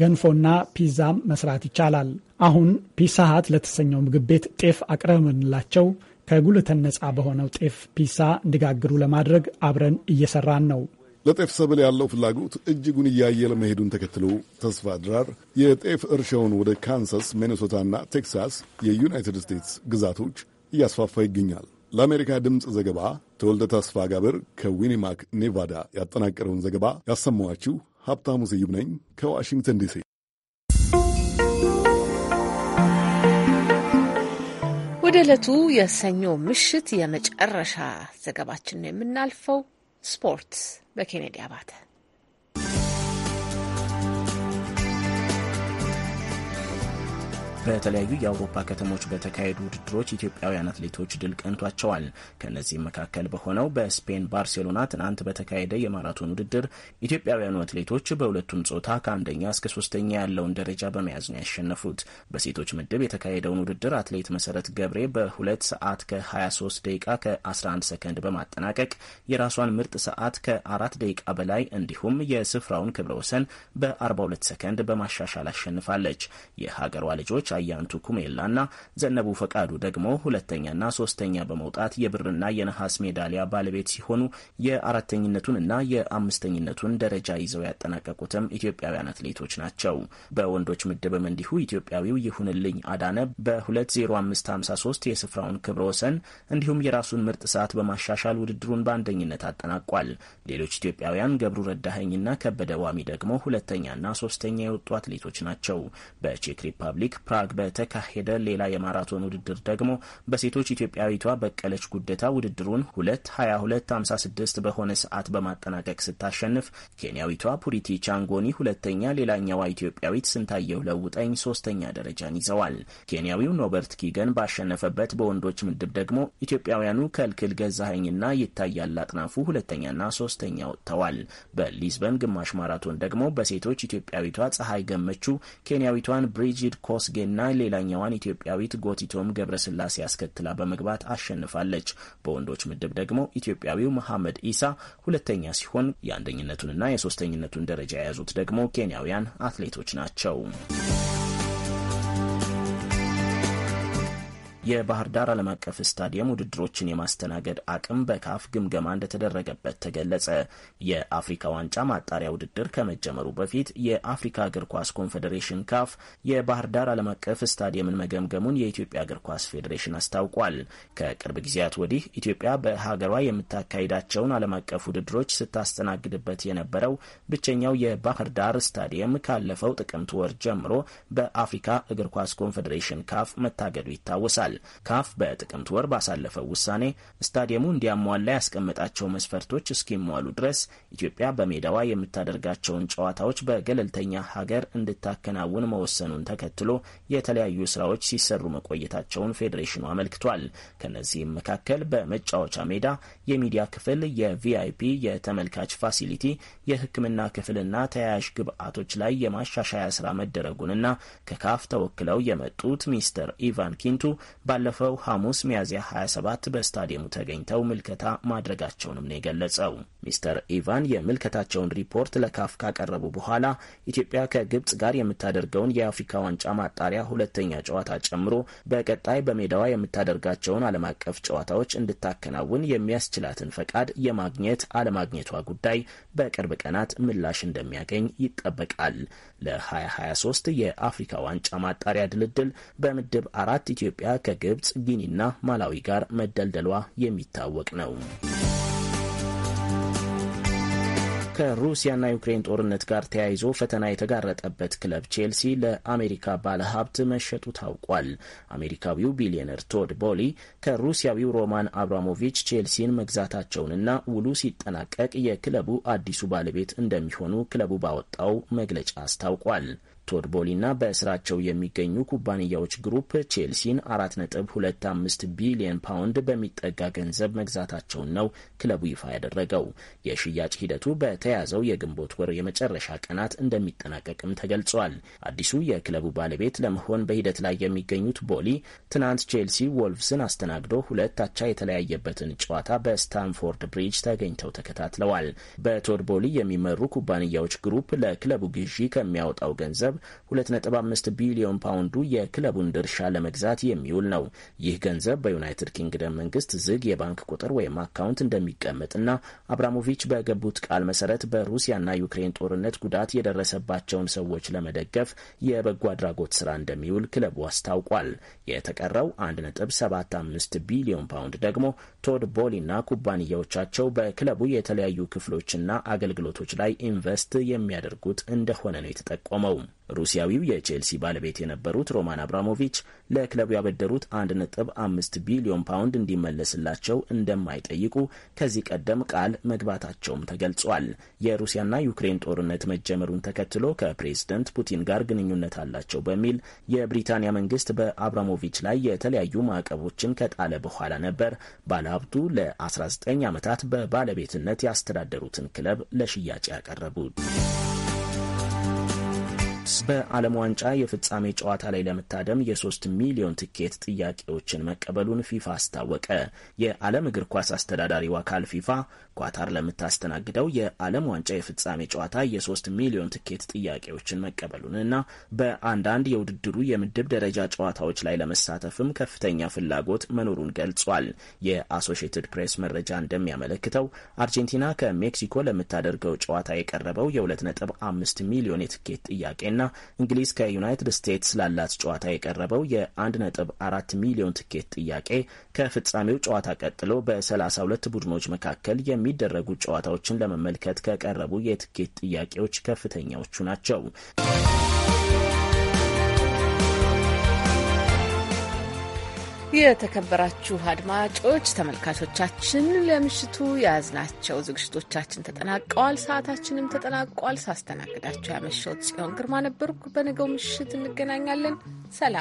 ገንፎና ፒዛም መስራት ይቻላል። አሁን ፒሳሃት ለተሰኘው ምግብ ቤት ጤፍ አቅርበንላቸው ከጉልተን ነፃ በሆነው ጤፍ ፒሳ እንዲጋግሩ ለማድረግ አብረን እየሰራን ነው። ለጤፍ ሰብል ያለው ፍላጎት እጅጉን እያየለ መሄዱን ተከትሎ ተስፋ ድራር የጤፍ እርሻውን ወደ ካንሳስ፣ ሚኔሶታና ቴክሳስ የዩናይትድ ስቴትስ ግዛቶች እያስፋፋ ይገኛል። ለአሜሪካ ድምፅ ዘገባ ተወልደ ተስፋ ጋብር ከዊኒማክ ኔቫዳ ያጠናቀረውን ዘገባ ያሰማኋችሁ ሀብታሙ ስዩም ነኝ ከዋሽንግተን ዲሲ። ወደ ዕለቱ የሰኞ ምሽት የመጨረሻ ዘገባችን ነው የምናልፈው። ስፖርት በኬኔዲ አባተ በተለያዩ የአውሮፓ ከተሞች በተካሄዱ ውድድሮች ኢትዮጵያውያን አትሌቶች ድል ቀንቷቸዋል። ከእነዚህም መካከል በሆነው በስፔን ባርሴሎና ትናንት በተካሄደ የማራቶን ውድድር ኢትዮጵያውያኑ አትሌቶች በሁለቱም ጾታ ከአንደኛ እስከ ሶስተኛ ያለውን ደረጃ በመያዝ ነው ያሸነፉት። በሴቶች ምድብ የተካሄደውን ውድድር አትሌት መሰረት ገብሬ በሁለት ሰዓት ከ23 ደቂቃ ከ11 ሰከንድ በማጠናቀቅ የራሷን ምርጥ ሰዓት ከአራት ደቂቃ በላይ እንዲሁም የስፍራውን ክብረ ወሰን በ42 ሰከንድ በማሻሻል አሸንፋለች። የሀገሯ ልጆች ያንቱ ኩሜላ እና ዘነቡ ፈቃዱ ደግሞ ሁለተኛና ሶስተኛ በመውጣት የብርና የነሐስ ሜዳሊያ ባለቤት ሲሆኑ የአራተኝነቱን እና የአምስተኝነቱን ደረጃ ይዘው ያጠናቀቁትም ኢትዮጵያውያን አትሌቶች ናቸው። በወንዶች ምድብም እንዲሁ ኢትዮጵያዊው ይሁንልኝ አዳነ በ20553 የስፍራውን ክብረ ወሰን እንዲሁም የራሱን ምርጥ ሰዓት በማሻሻል ውድድሩን በአንደኝነት አጠናቋል። ሌሎች ኢትዮጵያውያን ገብሩ ረዳኸኝና ከበደ ዋሚ ደግሞ ሁለተኛና ሶስተኛ የወጡ አትሌቶች ናቸው። በቼክ ሪፐብሊክ ፕራግ በተካሄደ ሌላ የማራቶን ውድድር ደግሞ በሴቶች ኢትዮጵያዊቷ በቀለች ጉደታ ውድድሩን 2:22:56 በሆነ ሰዓት በማጠናቀቅ ስታሸንፍ ኬንያዊቷ ፑሪቲ ቻንጎኒ ሁለተኛ፣ ሌላኛዋ ኢትዮጵያዊት ስንታየው ለውጠኝ ሶስተኛ ደረጃን ይዘዋል። ኬንያዊው ኖበርት ኪገን ባሸነፈበት በወንዶች ምድብ ደግሞ ኢትዮጵያውያኑ ከልክል ገዛኸኝና ይታያል አጥናፉ ሁለተኛና ሶስተኛ ወጥተዋል። በሊዝበን ግማሽ ማራቶን ደግሞ በሴቶች ኢትዮጵያዊቷ ፀሐይ ገመቹ ኬንያዊቷን ብሪጂድ ኮስጌ እና ሌላኛዋን ኢትዮጵያዊት ጎቲቶም ገብረስላሴ አስከትላ በመግባት አሸንፋለች። በወንዶች ምድብ ደግሞ ኢትዮጵያዊው መሐመድ ኢሳ ሁለተኛ ሲሆን የአንደኝነቱንና የሶስተኝነቱን ደረጃ የያዙት ደግሞ ኬንያውያን አትሌቶች ናቸው። የባህር ዳር ዓለም አቀፍ ስታዲየም ውድድሮችን የማስተናገድ አቅም በካፍ ግምገማ እንደተደረገበት ተገለጸ። የአፍሪካ ዋንጫ ማጣሪያ ውድድር ከመጀመሩ በፊት የአፍሪካ እግር ኳስ ኮንፌዴሬሽን ካፍ የባህር ዳር ዓለም አቀፍ ስታዲየምን መገምገሙን የኢትዮጵያ እግር ኳስ ፌዴሬሽን አስታውቋል። ከቅርብ ጊዜያት ወዲህ ኢትዮጵያ በሀገሯ የምታካሂዳቸውን ዓለም አቀፍ ውድድሮች ስታስተናግድበት የነበረው ብቸኛው የባህር ዳር ስታዲየም ካለፈው ጥቅምት ወር ጀምሮ በአፍሪካ እግር ኳስ ኮንፌዴሬሽን ካፍ መታገዱ ይታወሳል። ካፍ በጥቅምት ወር ባሳለፈው ውሳኔ ስታዲየሙ እንዲያሟላ ያስቀመጣቸው መስፈርቶች እስኪሟሉ ድረስ ኢትዮጵያ በሜዳዋ የምታደርጋቸውን ጨዋታዎች በገለልተኛ ሀገር እንድታከናውን መወሰኑን ተከትሎ የተለያዩ ስራዎች ሲሰሩ መቆየታቸውን ፌዴሬሽኑ አመልክቷል። ከነዚህም መካከል በመጫወቻ ሜዳ የሚዲያ ክፍል፣ የቪአይፒ የተመልካች ፋሲሊቲ፣ የሕክምና ክፍልና ተያያዥ ግብአቶች ላይ የማሻሻያ ስራ መደረጉንና ከካፍ ተወክለው የመጡት ሚስተር ኢቫን ኪንቱ ባለፈው ሐሙስ ሚያዝያ 27 በስታዲየሙ ተገኝተው ምልከታ ማድረጋቸውንም ነው የገለጸው። ሚስተር ኢቫን የምልከታቸውን ሪፖርት ለካፍ ካቀረቡ በኋላ ኢትዮጵያ ከግብጽ ጋር የምታደርገውን የአፍሪካ ዋንጫ ማጣሪያ ሁለተኛ ጨዋታ ጨምሮ በቀጣይ በሜዳዋ የምታደርጋቸውን ዓለም አቀፍ ጨዋታዎች እንድታከናውን የሚያስችላትን ፈቃድ የማግኘት አለማግኘቷ ጉዳይ በቅርብ ቀናት ምላሽ እንደሚያገኝ ይጠበቃል። ለ2023 የአፍሪካ ዋንጫ ማጣሪያ ድልድል በምድብ አራት ኢትዮጵያ ከግብፅ፣ ጊኒና ማላዊ ጋር መደልደሏ የሚታወቅ ነው። ከሩሲያና ዩክሬን ጦርነት ጋር ተያይዞ ፈተና የተጋረጠበት ክለብ ቼልሲ ለአሜሪካ ባለሀብት መሸጡ ታውቋል። አሜሪካዊው ቢሊዮነር ቶድ ቦሊ ከሩሲያዊው ሮማን አብራሞቪች ቼልሲን መግዛታቸውንና ውሉ ሲጠናቀቅ የክለቡ አዲሱ ባለቤት እንደሚሆኑ ክለቡ ባወጣው መግለጫ አስታውቋል። ቶድ ቦሊና በስራቸው የሚገኙ ኩባንያዎች ግሩፕ ቼልሲን 4.25 ቢሊዮን ፓውንድ በሚጠጋ ገንዘብ መግዛታቸውን ነው ክለቡ ይፋ ያደረገው። የሽያጭ ሂደቱ በተያዘው የግንቦት ወር የመጨረሻ ቀናት እንደሚጠናቀቅም ተገልጿል። አዲሱ የክለቡ ባለቤት ለመሆን በሂደት ላይ የሚገኙት ቦሊ ትናንት ቼልሲ ወልቭስን አስተናግዶ ሁለት አቻ የተለያየበትን ጨዋታ በስታንፎርድ ብሪጅ ተገኝተው ተከታትለዋል። በቶድ ቦሊ የሚመሩ ኩባንያዎች ግሩፕ ለክለቡ ግዢ ከሚያወጣው ገንዘብ 2.5 ቢሊዮን ፓውንዱ የክለቡን ድርሻ ለመግዛት የሚውል ነው። ይህ ገንዘብ በዩናይትድ ኪንግደም መንግስት ዝግ የባንክ ቁጥር ወይም አካውንት እንደሚቀመጥና አብራሞቪች በገቡት ቃል መሰረት በሩሲያና ዩክሬን ጦርነት ጉዳት የደረሰባቸውን ሰዎች ለመደገፍ የበጎ አድራጎት ስራ እንደሚውል ክለቡ አስታውቋል። የተቀረው 1.75 ቢሊዮን ፓውንድ ደግሞ ቶድ ቦሊና ኩባንያዎቻቸው በክለቡ የተለያዩ ክፍሎችና አገልግሎቶች ላይ ኢንቨስት የሚያደርጉት እንደሆነ ነው የተጠቆመው። ሩሲያዊው የቼልሲ ባለቤት የነበሩት ሮማን አብራሞቪች ለክለቡ ያበደሩት 1.5 ቢሊዮን ፓውንድ እንዲመለስላቸው እንደማይጠይቁ ከዚህ ቀደም ቃል መግባታቸውም ተገልጿል። የሩሲያና ዩክሬን ጦርነት መጀመሩን ተከትሎ ከፕሬዝደንት ፑቲን ጋር ግንኙነት አላቸው በሚል የብሪታንያ መንግስት በአብራሞቪች ላይ የተለያዩ ማዕቀቦችን ከጣለ በኋላ ነበር ባለሀብቱ ለ19 ዓመታት በባለቤትነት ያስተዳደሩትን ክለብ ለሽያጭ ያቀረቡት። ስቴትስ በዓለም ዋንጫ የፍጻሜ ጨዋታ ላይ ለመታደም የሶስት ሚሊዮን ትኬት ጥያቄዎችን መቀበሉን ፊፋ አስታወቀ። የዓለም እግር ኳስ አስተዳዳሪው አካል ፊፋ ኳታር ለምታስተናግደው የዓለም ዋንጫ የፍጻሜ ጨዋታ የሶስት ሚሊዮን ትኬት ጥያቄዎችን መቀበሉንና በአንዳንድ የውድድሩ የምድብ ደረጃ ጨዋታዎች ላይ ለመሳተፍም ከፍተኛ ፍላጎት መኖሩን ገልጿል። የአሶሺየትድ ፕሬስ መረጃ እንደሚያመለክተው አርጀንቲና ከሜክሲኮ ለምታደርገው ጨዋታ የቀረበው የ2.5 ሚሊዮን የትኬት ጥያቄ ና እንግሊዝ ከዩናይትድ ስቴትስ ላላት ጨዋታ የቀረበው የ1.4 ሚሊዮን ትኬት ጥያቄ ከፍጻሜው ጨዋታ ቀጥሎ በ32 ቡድኖች መካከል የሚደረጉ ጨዋታዎችን ለመመልከት ከቀረቡ የትኬት ጥያቄዎች ከፍተኛዎቹ ናቸው። የተከበራችሁ አድማጮች ተመልካቾቻችን፣ ለምሽቱ የያዝናቸው ዝግጅቶቻችን ተጠናቀዋል። ሰዓታችንም ተጠናቋል። ሳስተናግዳቸው ያመሸሁት ጽዮን ግርማ ነበርኩ። በነገው ምሽት እንገናኛለን። ሰላም።